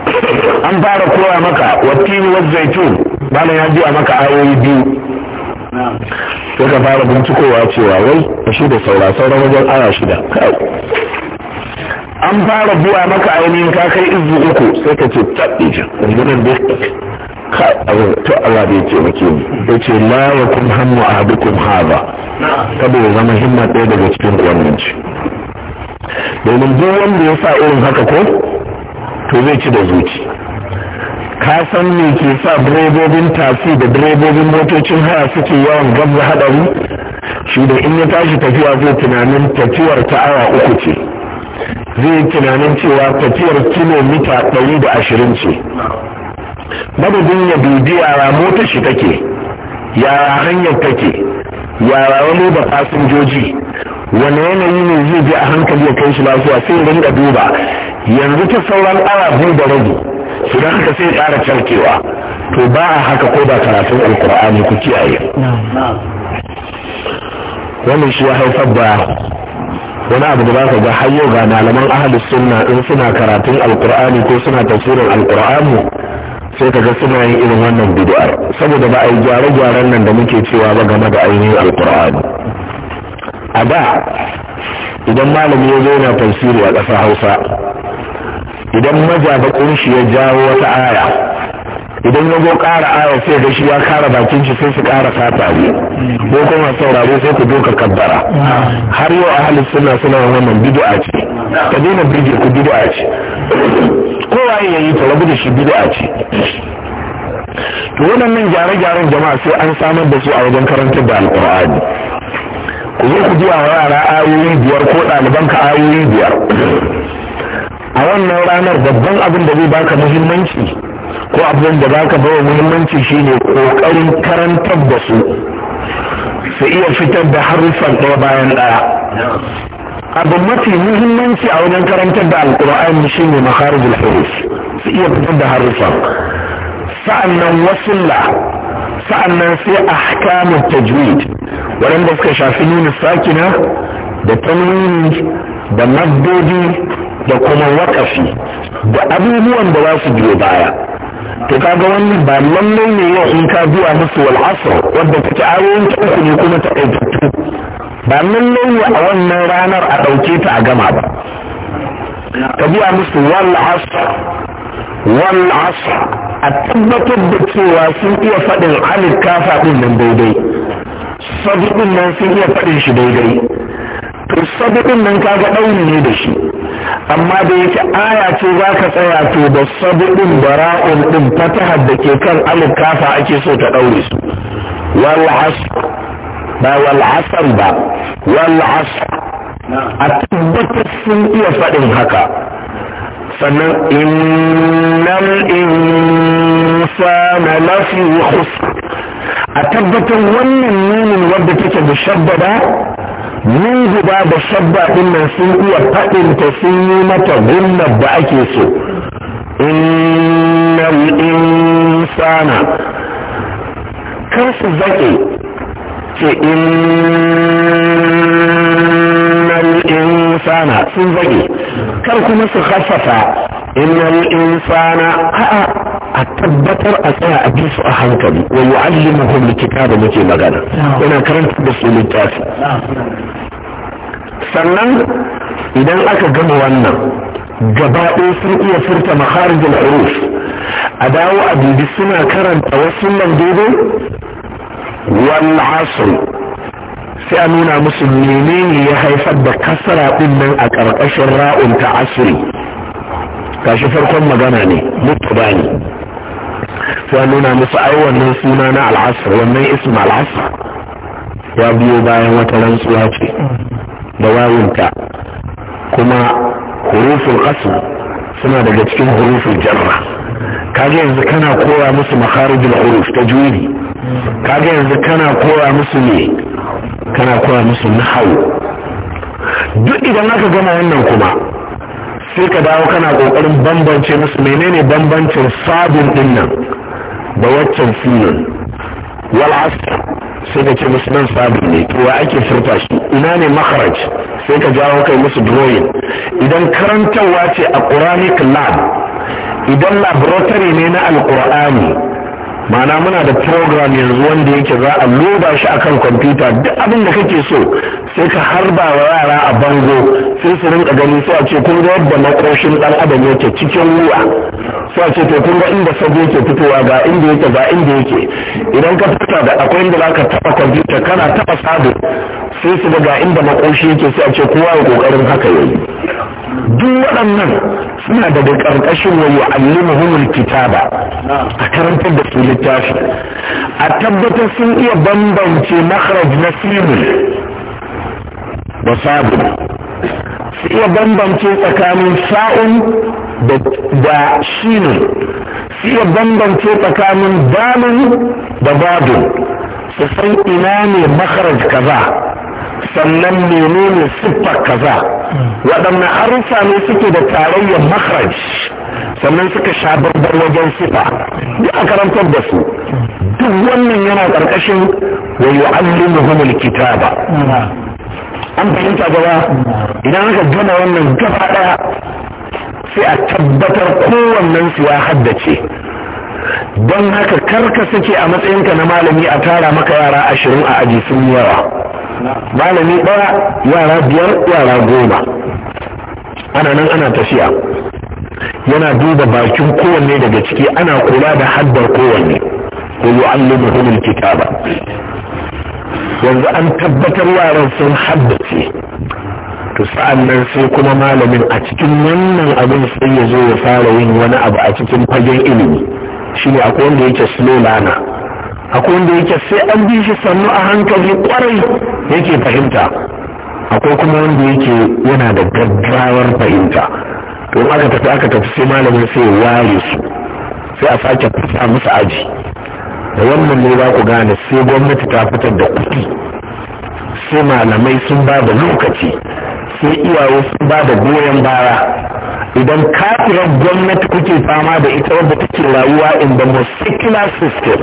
an fara koya maka watini wa zaitun malam ya a maka ayoyi biyu sai ka fara bincikowa cewa wai shi da saura sauran wajen aya shida an fara zuwa maka ainihin ka kai izu uku sai ka ce tabi jin rigunan da ka to Allah bai ce muke ne ya ce la ya kun hannu a dukkan haza saboda zama himma ɗaya daga cikin wannan ci. domin duk wanda ya sa irin haka ko to zai ci da zuci ka san me ke sa direbobin tafi da direbobin motocin haya suke yawan gabza hadari shi da in ya tashi tafiya zai tunanin tafiyar ta awa uku ce zai tunanin cewa tafiyar kilomita ɗari da ashirin ce madadin ya dubi yara motar shi take yara hanyar take yara wani da fasinjoji wani yanayi ne zai bi a hankali ya kai shi lafiya sai ya rinka duba yanzu ta sauran awa biyu da rabi su da haka sai ƙara carkewa to ba a haka ko ba karatun alkur'ani ku kiyaye wannan shi ya haifar da wani abu da za ka ga har yau ga malaman ahalus sunna in suna karatun alkur'ani ko suna tafsirin alkur'ani sai ka ga suna yin irin wannan bid'ar saboda ba a yi gyare-gyaren nan da muke cewa ba game da ainihin alkur'ani a da idan malami ya zo yana tafsiri a ƙasar hausa idan majaba kunshi ya jawo wata aya idan ya zo ƙara aya sai ga shi ya kara bakin shi sai su ƙara sata ne ko kuma saurare sai ku doka kaddara har yau ahalin suna suna wannan bid'a ce ka daina bid'a ku bid'a ce kowa ya yi ta rabu da shi bid'a ce to waɗannan gyare-gyaren jama'a sai an samar da su a wajen karantar da alƙur'ani ku zo ku jiya wa yara ayoyi biyar ko ɗaliban ɗalibanka ayoyi biyar a wannan ranar babban abin da zai baka muhimmanci ko abin da baka bawa muhimmanci shine kokarin karantar da su su iya fitar da haruffan ɗaya bayan ɗaya abu mafi muhimmanci a wajen karantar da alkur'ani shine makharijul huruf su iya fitar da haruffan sa'annan wasulla sa'annan sai a ahkamun tajwid waɗanda suka shafi nuna sakina da tanwini da maddodi da kuma wakafi da abubuwan da za su biyo baya to kaga wannan ba lallai ne yau in ka biya musu wal asr wanda ta ci ayoyin ta ne kuma ta aitattu ba lallai ne a wannan ranar a ɗauke ta a gama ba ka biya musu wal asr wal a tabbatar da cewa sun iya faɗin alif kafa ɗin nan daidai sabiɗin nan sun iya faɗin shi daidai to sabiɗin nan kaga ɗauni ne da shi amma da yake aya ce za ka tsaya to da sabiɗin bara'un ɗin fatahar da ke kan alif kafa ake so ta ɗaure su wal ba wal ba wal a tabbatar sun iya faɗin haka sannan innal insana lafi khusr a tabbatar wannan nunin wadda take shabbada, min guda da shabba nan sun iya faɗin ta sun yi mata gunnar da ake so innal insana kar su zake ce in insana sun zage kar kuma su khaffafa innal insana a'a a tabbatar a tsaya a bi a hankali wa yu'allimuhum alkitaba muke magana yana karanta da su littafi sannan idan aka gama wannan gaba sun iya furta makarijin huruf a dawo a dubi suna karanta wasu nan daidai wal asr sai a nuna musu menene ya haifar da kasara ɗin nan a ƙarƙashin ra'un ta asiri kashi farkon magana ne mutu ba ne sai a nuna musu ai wannan suna na al'asir wannan ism al'asir ya biyo bayan wata rantsuwa ce da wawunta kuma hurufin asu suna daga cikin hurufin jarra kaga yanzu kana koya musu makharijul huruf ta juri kaga yanzu kana koya musu ne kana koya musu nahawu duk idan aka gama wannan kuma sai ka dawo kana kokarin bambance musu menene bambancin sabin din nan da waccan filin wal asr sai ka ce musu nan sabin ne to ake furta shi ina ne makaraj sai ka jawo kai musu drawing idan karantarwa ce a quranic lab idan laboratory ne na alqur'ani ma'ana muna da program yanzu wanda yake za a loda shi akan kwamfuta duk abin da kake so sai ka harba wa yara a bango sai su rinka gani sai a ce kun ga yadda makoshin dan adam yake cikin ruwa sai a ce to kun ga inda sabo yake fitowa ga inda yake ga inda yake idan ka fita da akwai inda zaka taba kwamfuta kana taba sabo sai su ga ga inda makoshi yake sai a ce kowa ya kokarin haka yayi duk waɗannan suna daga ƙarƙashin wa yu'allimuhumul kitaba a karantar da su littafi a tabbatar sun iya bambance makhraj na simul da sabu su iya bambance tsakanin sa'un da shinin su iya bambance tsakanin dalin da badun su san ina ne makharaj kaza sannan menene siffar kaza waɗanne harufa ne suke da tarayyar makaraj sannan suka sha babbar wajen sifa ya a karantar da su duk wannan yana ƙarƙashin wa yu'allimuhumul kitaba an fahimta gaba idan aka gama wannan gaba ɗaya sai a tabbatar kowannen su ya haddace don haka karka sake a matsayinka na malami a tara maka yara ashirin a aji sun yawa malami ɗaya yara biyar yara goma ana nan ana tafiya yana duba bakin kowanne daga ciki ana kula da haddar kowanne ko kika ba. yanzu an tabbatar yaran sun haddace to sa'an nan sai kuma malamin a cikin wannan abin sai ya zo ya fara yin wani abu a cikin fagen ilimi shine akwai wanda yake slow lana akwai wanda yake sai an bi shi sannu a hankali kwarai yake fahimta akwai kuma wanda yake yana da gaggawar fahimta to aka tafi aka tafi sai malamin sai ware su sai a sake fita musu aji da wannan ne za ku gane sai gwamnati ta fitar da kuɗi sai malamai sun ba da lokaci sai iyawo sun ba da goyon baya idan kafirar gwamnati kuke fama da ita wadda take rayuwa in da secular system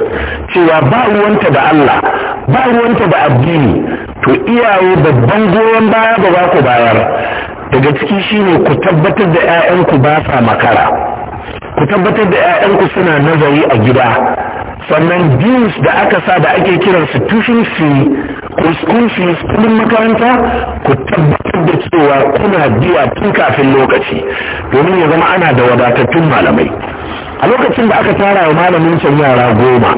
cewa ba ruwanta da Allah ba ruwanta da addini to iyawo babban goyon baya ba za ku bayar daga ciki shine ku tabbatar da 'ya'yanku ba sa makara ku tabbatar da 'ya'yanku suna nazari a gida sannan dues da aka sa da ake kiransu su fee ko school fees kudin makaranta ku tabbatar da cewa kuna biya tun kafin lokaci domin ya zama ana da wadatattun malamai a lokacin da aka tara wa malamin can yara goma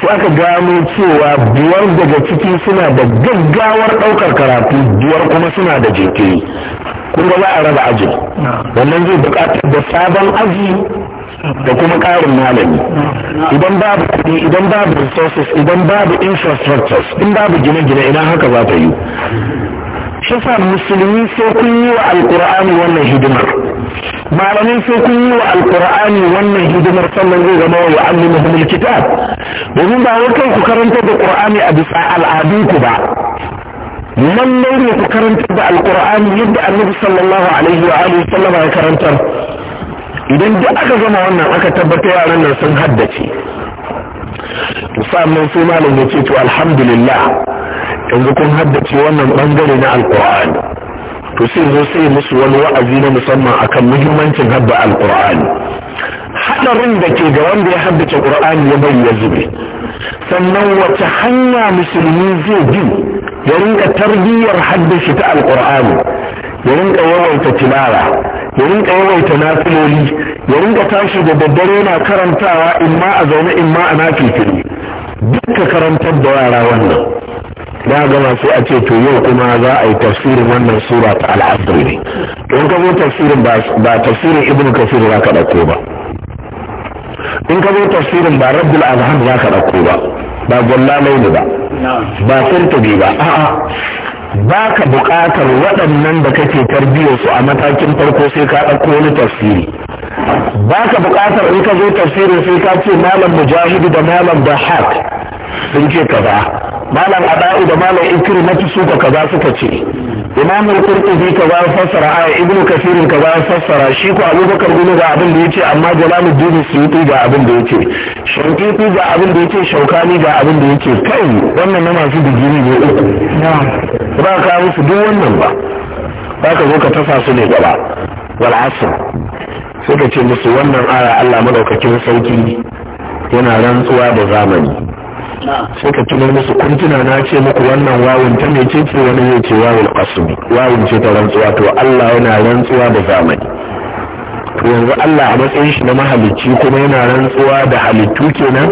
sai aka gano cewa biyar daga ciki suna da gaggawar ɗaukar karatu biyar kuma suna da jinkiri kun ga za a raba ajin wannan zai buƙatar da sabon aji da kuma ƙarin malami idan babu kuɗi idan babu resources idan babu infrastructures in babu gine-gine ina haka za ta yi shi sa musulmi sai kun yi wa alkur'ani wannan hidimar malamin sai kun yi wa alkur'ani wannan hidimar sannan zai zama wa allimuhumul kitab domin ba wai kai ku karanta da qur'ani a bisa al'adun ku ba lallai ne ku karanta da alkur'ani yadda annabi sallallahu alaihi wa alihi sallama ya karantar idan duk aka gama wannan aka tabbata yaran nan sun haddace musamman sai malam ya ce to alhamdulillah yanzu kun haddace wannan bangare na alkur'ani to sai zo sai musu wani wa'azi na musamman akan muhimmancin hadda alkur'ani haɗarin da ke ga wanda ya haddace Kur'ani ya bari ya zube sannan wace hanya musulmi zai bi ya rinka tarbiyyar haddashi ta alƙur'ani ya rinka yawaita tilawa ya rinka yawaita nafiloli ya rinka tashi da daddare na karantawa imma a zaune imma a nafifili duk karantar da yara wannan da gama sai a ce to yau kuma za a yi tafsirin wannan sura ta al'asr ne in ka zo tafsirin ba tafsirin Ibn kasir za ka ɗauko ba in ka zo tafsirin ba rabbul azhar za ka ɗauko ba ba gwallalai ne ba ba santabi ba a'a za ka buƙatar waɗannan da kake su a matakin farko sai ka ɗauko wani tafsiri ba ka buƙatar in ka zo tafsirin sai ka ce malam mujahidu da malam da haq sun ce kaza malam ada'u da malam na su ka kaza suka ce imam al-qurtubi kaza ya fassara aya ibnu kasir kaza ya fassara shi ko abubakar bin ga abin da yace amma jalaluddin suyuti ga abin da yace shankiti ga abin da yace shaukani ga abin da yace kai wannan na masu digiri ne uku ba ka musu duk wannan ba ba ka zo ka tafa su ne gaba wal asr sai ka ce musu wannan aya Allah madaukakin sauki yana rantsuwa da zamani sai ka tunar musu kuntuna na ce muku wannan wawun ta mai ce wani zai ce wawul qasmi wawun ce ta rantsuwa to Allah yana rantsuwa da zamani yanzu Allah a matsayin shi na mahalicci kuma yana rantsuwa da halittu kenan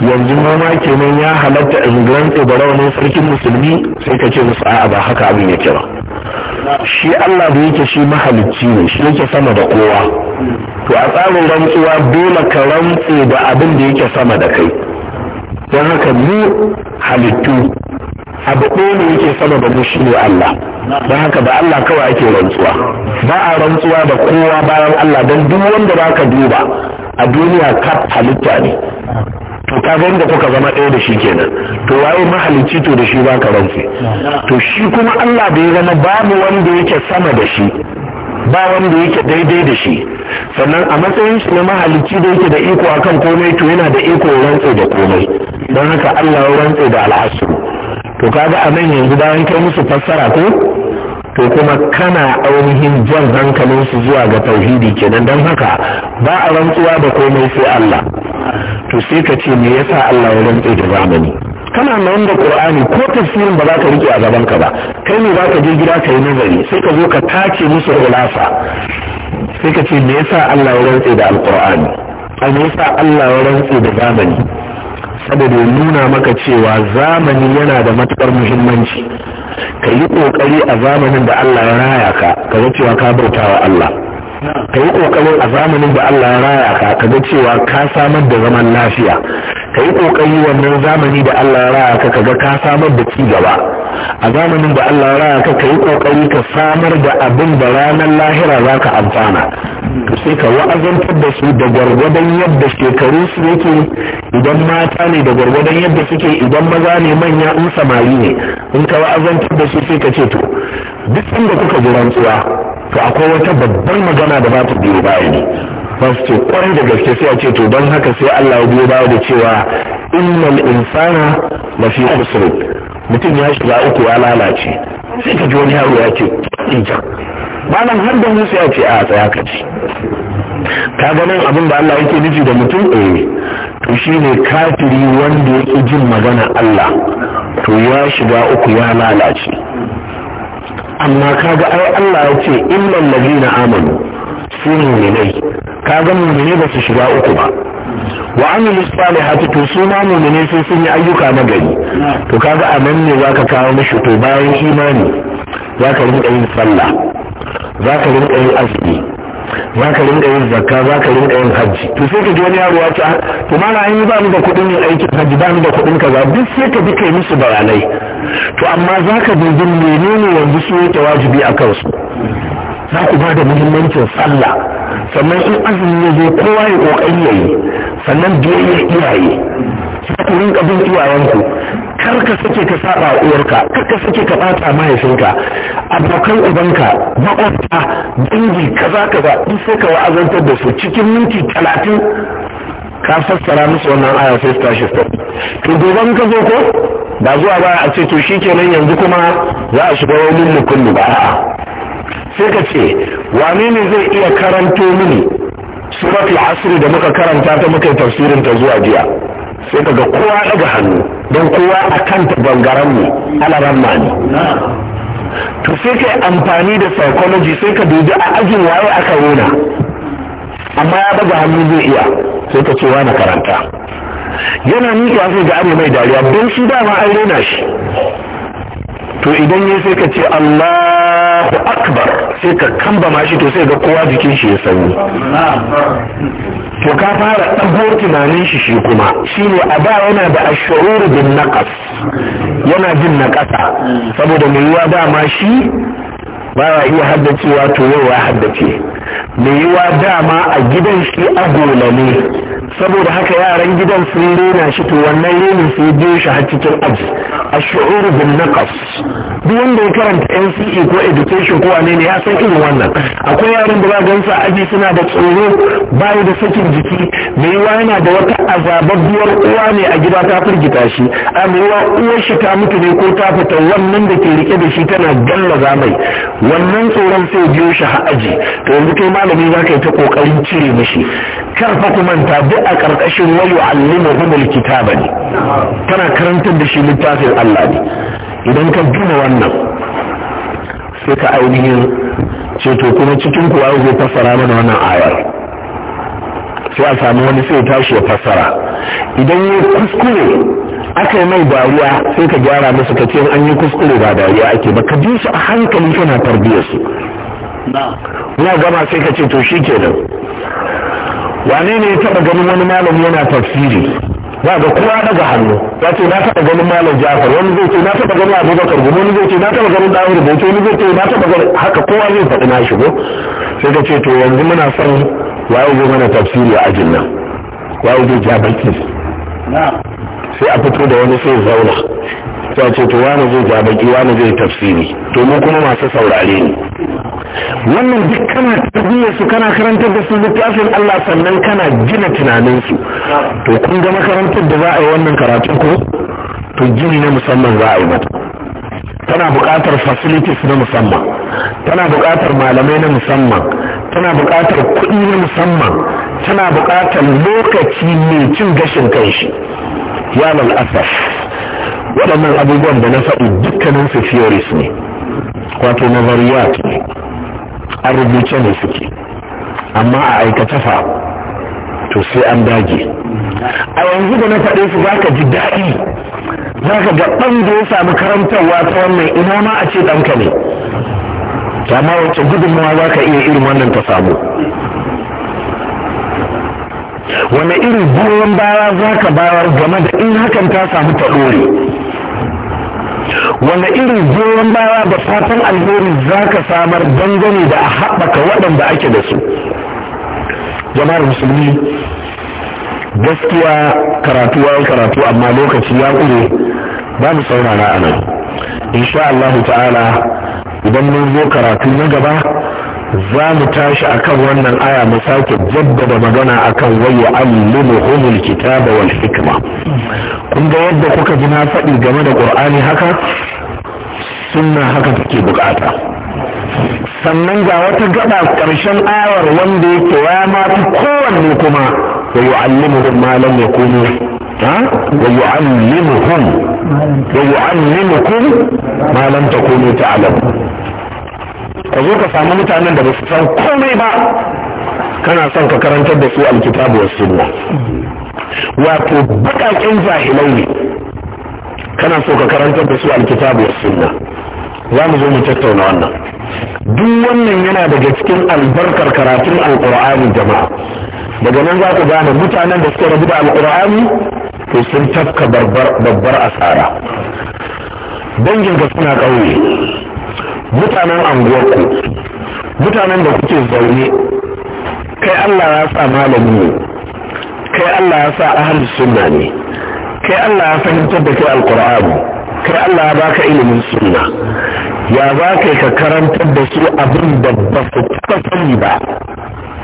yanzu ma kenan ya halatta in rantsa da rawanin sarkin musulmi sai ka ce musu a'a ba haka abin yake ba shi Allah da yake shi mahalicci ne shi yake sama da kowa to a tsarin rantsuwa dole ka rantsu da abin da yake sama da kai don haka mu halittu abu ɗaya ne yake sama da mu shi ne Allah don haka da Allah kawai ake rantsuwa ba a rantsuwa da kowa bayan Allah don duk wanda ba ka duba a duniya ka halitta ne to ka ga inda kuka zama ɗaya da shi kenan to waye mahalicci to da shi ba ka rantsi to shi kuma Allah bai ya zama babu wanda yake sama da shi ba wanda yake daidai da shi sannan a matsayin shi na mahalicci da yake da iko akan komai to yana da iko rantse da komai don haka Allah ya rantse da al'asru to kaga a nan yanzu bayan kai musu fassara ko to kuma kana ainihin jan su zuwa ga tauhidi kenan dan haka ba a rantsuwa da komai sai Allah to sai ka ce me yasa Allah ya rantse da zamani kana nan da Qur'ani ko tafsirin ba za ka rike a gaban ka ba kai ne za ka je gida ka nazari sai ka zo ka tace musu ulafa sai ka ce me yasa Allah ya rantse da Al-Qur'ani me yasa Allah ya rantse da zamani saboda nuna maka cewa zamani yana da matukar muhimmanci ka yi ƙoƙari a zamanin da Allah ya raya ka ka ga cewa ka bautawa wa Allah ka yi kokarin a zamanin da Allah ya raya ka ka ga cewa ka samar da zaman lafiya ka yi kokari wannan zamani da Allah ya raya ka ka ga ka samar da ci gaba a zamanin da Allah ya raya ka ka yi kokari ka samar da abin da ranar lahira za ka amfana to sai ka wa'azantar da su da gwargwadon yadda shekaru su yake idan mata ne da gwargwadon yadda suke idan maza ne manya in samari ne in ka wa'azantar da su sai ka ce to duk inda kuka ji rantsuwa to akwai wata babbar magana magana da ba ta biyo baya ne ba su ce kwarai da gaske sai a ce to don haka sai Allah ya biyo baya da cewa innal insana lafi khusr mutum ya shiga uku ya lalace sai ka ji wani yaro ya ce Ba nan har da musu ya ce a tsaya ka ci ka ganin abin da Allah yake nufi da mutum eh to shine kafiri wanda yake jin magana Allah to ya shiga uku ya lalace amma kaga ai Allah ya ce innal ladina amanu su ka kaga muminai ba su shiga uku ba wa amilu salihati to su ma ne sai sun yi ayyuka na gari to kaga a nan ne zaka kawo mishi to bayan imani zaka rinka yin sallah zaka rinka yin azumi zaka rinka yin zakka zaka rinka yin hajji to sai ka ji wani yaro ya ce ah, to ma an yi ba mu da kuɗin yin aikin hajji ba mu da kuɗin kaza duk sai ka bi kai musu bayanai to amma zaka dubi menene yanzu su yake wajibi a kansu za ku ba da muhimmancin sallah sannan in azumi ya zo kowa ya kokari ya yi sannan biyayyar iyaye za ku rinka bin iyayenku kar ka sake ka saba uwarka kar ka sake ka bata mahaifinka abokan ubanka makwabta dangi kaza kaza in sai ka wa'azantar da su cikin minti talatin ka fassara musu wannan aya sai tashi to in ka zo ko ba zuwa ba a ce to shikenan yanzu kuma za a shiga wani mukulli ba a'a sai ka ce wa ne zai iya karanto mini suratul asri da muka karanta ta muka yi tafsirin ta zuwa jiya sai ka ga kowa daga hannu don kowa a kanta bangaren mu ana ne to sai ka yi amfani da psychology sai ka dubi a ajin waye aka rona amma ya daga hannu zai iya sai ka ce wani karanta yana nufi sai ga mai dariya don su dama an rena shi to idan ya sai ka ce Allahu akbar sai ka kamba shi, to sai ga kowa jikin shi ya sanyi to ka fara ɗago tunanin shi shi kuma ne a da yana da ashurur bin naqas yana jin naƙasa saboda mai yiwa dama shi ba ya iya haddacewa to yau ya haddace mai yiwa dama a gidan shi agola ne saboda haka yaran gidan sun rena shi to wannan renin sai biyo shi har cikin aji a shu'uru bin naqas duk wanda ya karanta NCE ko education ko wane ne ya san irin wannan akwai yaran da za ga aji suna da tsoro bayi da sakin jiki mai yiwa yana da wata azababbuwar uwa ne a gida ta firgita shi a mai yiwa uwar shi ta mutu ne ko ta fita wannan da ke rike da shi tana gallaza mai wannan tsoron sai biyo shi ha'aji to yanzu kai malami za ka yi ta kokarin cire mashi. kar fa ku manta duk a karkashin wayo allimuhumul kitaba ne tana karantar da shi littafin Allah ne idan ka gina wannan sai ka ainihin ceto kuma cikin kuwa zai fassara mana wannan ayar sai a sami wani sai tashi ya fassara idan ya kuskure aka yi mai dariya sai ka gyara musu ka ce an yi kuskure ba dariya ake ba ka su a hankali kana tarbiyyar su na gama sai ka ce to shi kenan wane ne ya taba ganin wani malam yana tafsiri Ba ga kowa daga hannu ya ce na taba ganin malam jafar wani zai ce na taba ganin abubakar gumo wani zai ce na taba ganin ɗawar rubutu wani zai ce na taba ganin haka kowa zai faɗi na shigo sai ka ce to yanzu muna son waye zai mana tafsiri a ajin nan waye zai ja baki sai a fito da wani sai zauna ta ce to wani zai ja wani zai tafsiri to mu kuma masu saurare ne wannan duk kana tarbiyyar su kana karantar da su littafin Allah sannan kana gina tunanin su to kun ga makarantar da za a yi wannan karatun ko to gini na musamman za a yi mata tana buƙatar facilities na musamman tana buƙatar malamai na musamman tana buƙatar kuɗi na musamman tana buƙatar lokaci mai cin gashin shi. ya asar waɗannan abubuwan da na faɗi dukkanin su theories ne wato nazariya ne an rubuce ne suke amma a aikata fa to sai an dage a yanzu da na faɗe su za ka ji daɗi za ka ga ɗan da ya samu karantarwa ta wannan ina ma a ce ɗanka ne ma wacce gudunmawa za ka iya irin wannan ta samu wani irin goyon baya za ka bayar game da in hakan ta samu ta ɗore wani irin goyon baya da fatan alheri za ka samar dangane da a haɓaka waɗanda ake da su jama'ar musulmi gaskiya karatu ya karatu amma lokaci ya ƙure ba mu saurara a nan insha Allah ta'ala idan mun zo karatu na gaba za mu tashi akan wannan aya mu sake jaddada magana akan wayo allimuhumul kitaba wal hikma kun ga yadda kuka ji na faɗi game da qur'ani haka sunna haka take bukata sannan ga wata gaba ƙarshen ayar wanda yake ya ma fi kowanne kuma wa yu'allimuhum ma lam yakunu ha wa yu'allimuhum wa yu'allimukum ma lam takunu ta'lamun ka zo ka samu mutanen da ba su san komai ba kana son ka karantar da su alkitabu wa sunna wato bakakin zahilai ne kana so ka karantar da su alkitabu wa sunna za mu zo mu tattauna wannan duk wannan yana daga cikin albarkar karatun alkur'ani jama'a daga nan za ku gane mutanen da suka rabu da alkur'ani to sun tafka babbar asara danginka suna ƙauye mutanen anguwarku mutanen da kuke zaune kai Allah ya sa malami ne kai Allah ya sa ahlus sunna ne kai Allah ya fahimtar da kai alqur'ani kai Allah ya baka ilimin sunna ya ba ka ka karantar da su abin da ba su taɓa sani ba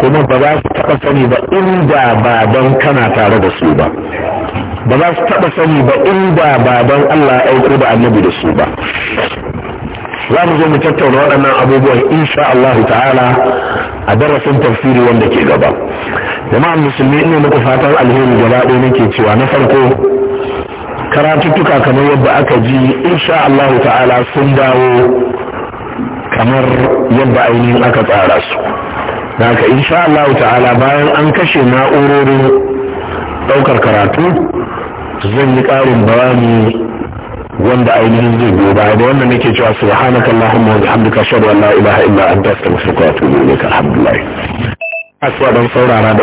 kuma ba za su taɓa sani ba inda ba don kana tare da su ba ba za su taɓa sani ba inda ba don Allah ya aiko da annabi da su ba za mu zo mu tattauna waɗannan abubuwan insha Allah ta'ala a darasin tafsiri wanda ke gaba jama'a musulmi ina muku fatan alheri gaba ɗaya nake cewa na farko karatuttuka kamar yadda aka ji insha Allah ta'ala sun dawo kamar yadda ainihin aka tsara su haka insha Allah ta'ala bayan an kashe na'urorin ɗaukar karatu zan yi ƙarin bayani wanda ainihin zai biyo baya da wannan nake cewa subhanaka allahumma wa bihamdika ashhadu an la ilaha illa anta astaghfiruka wa atubu ilaik alhamdulillah aswa dan saurara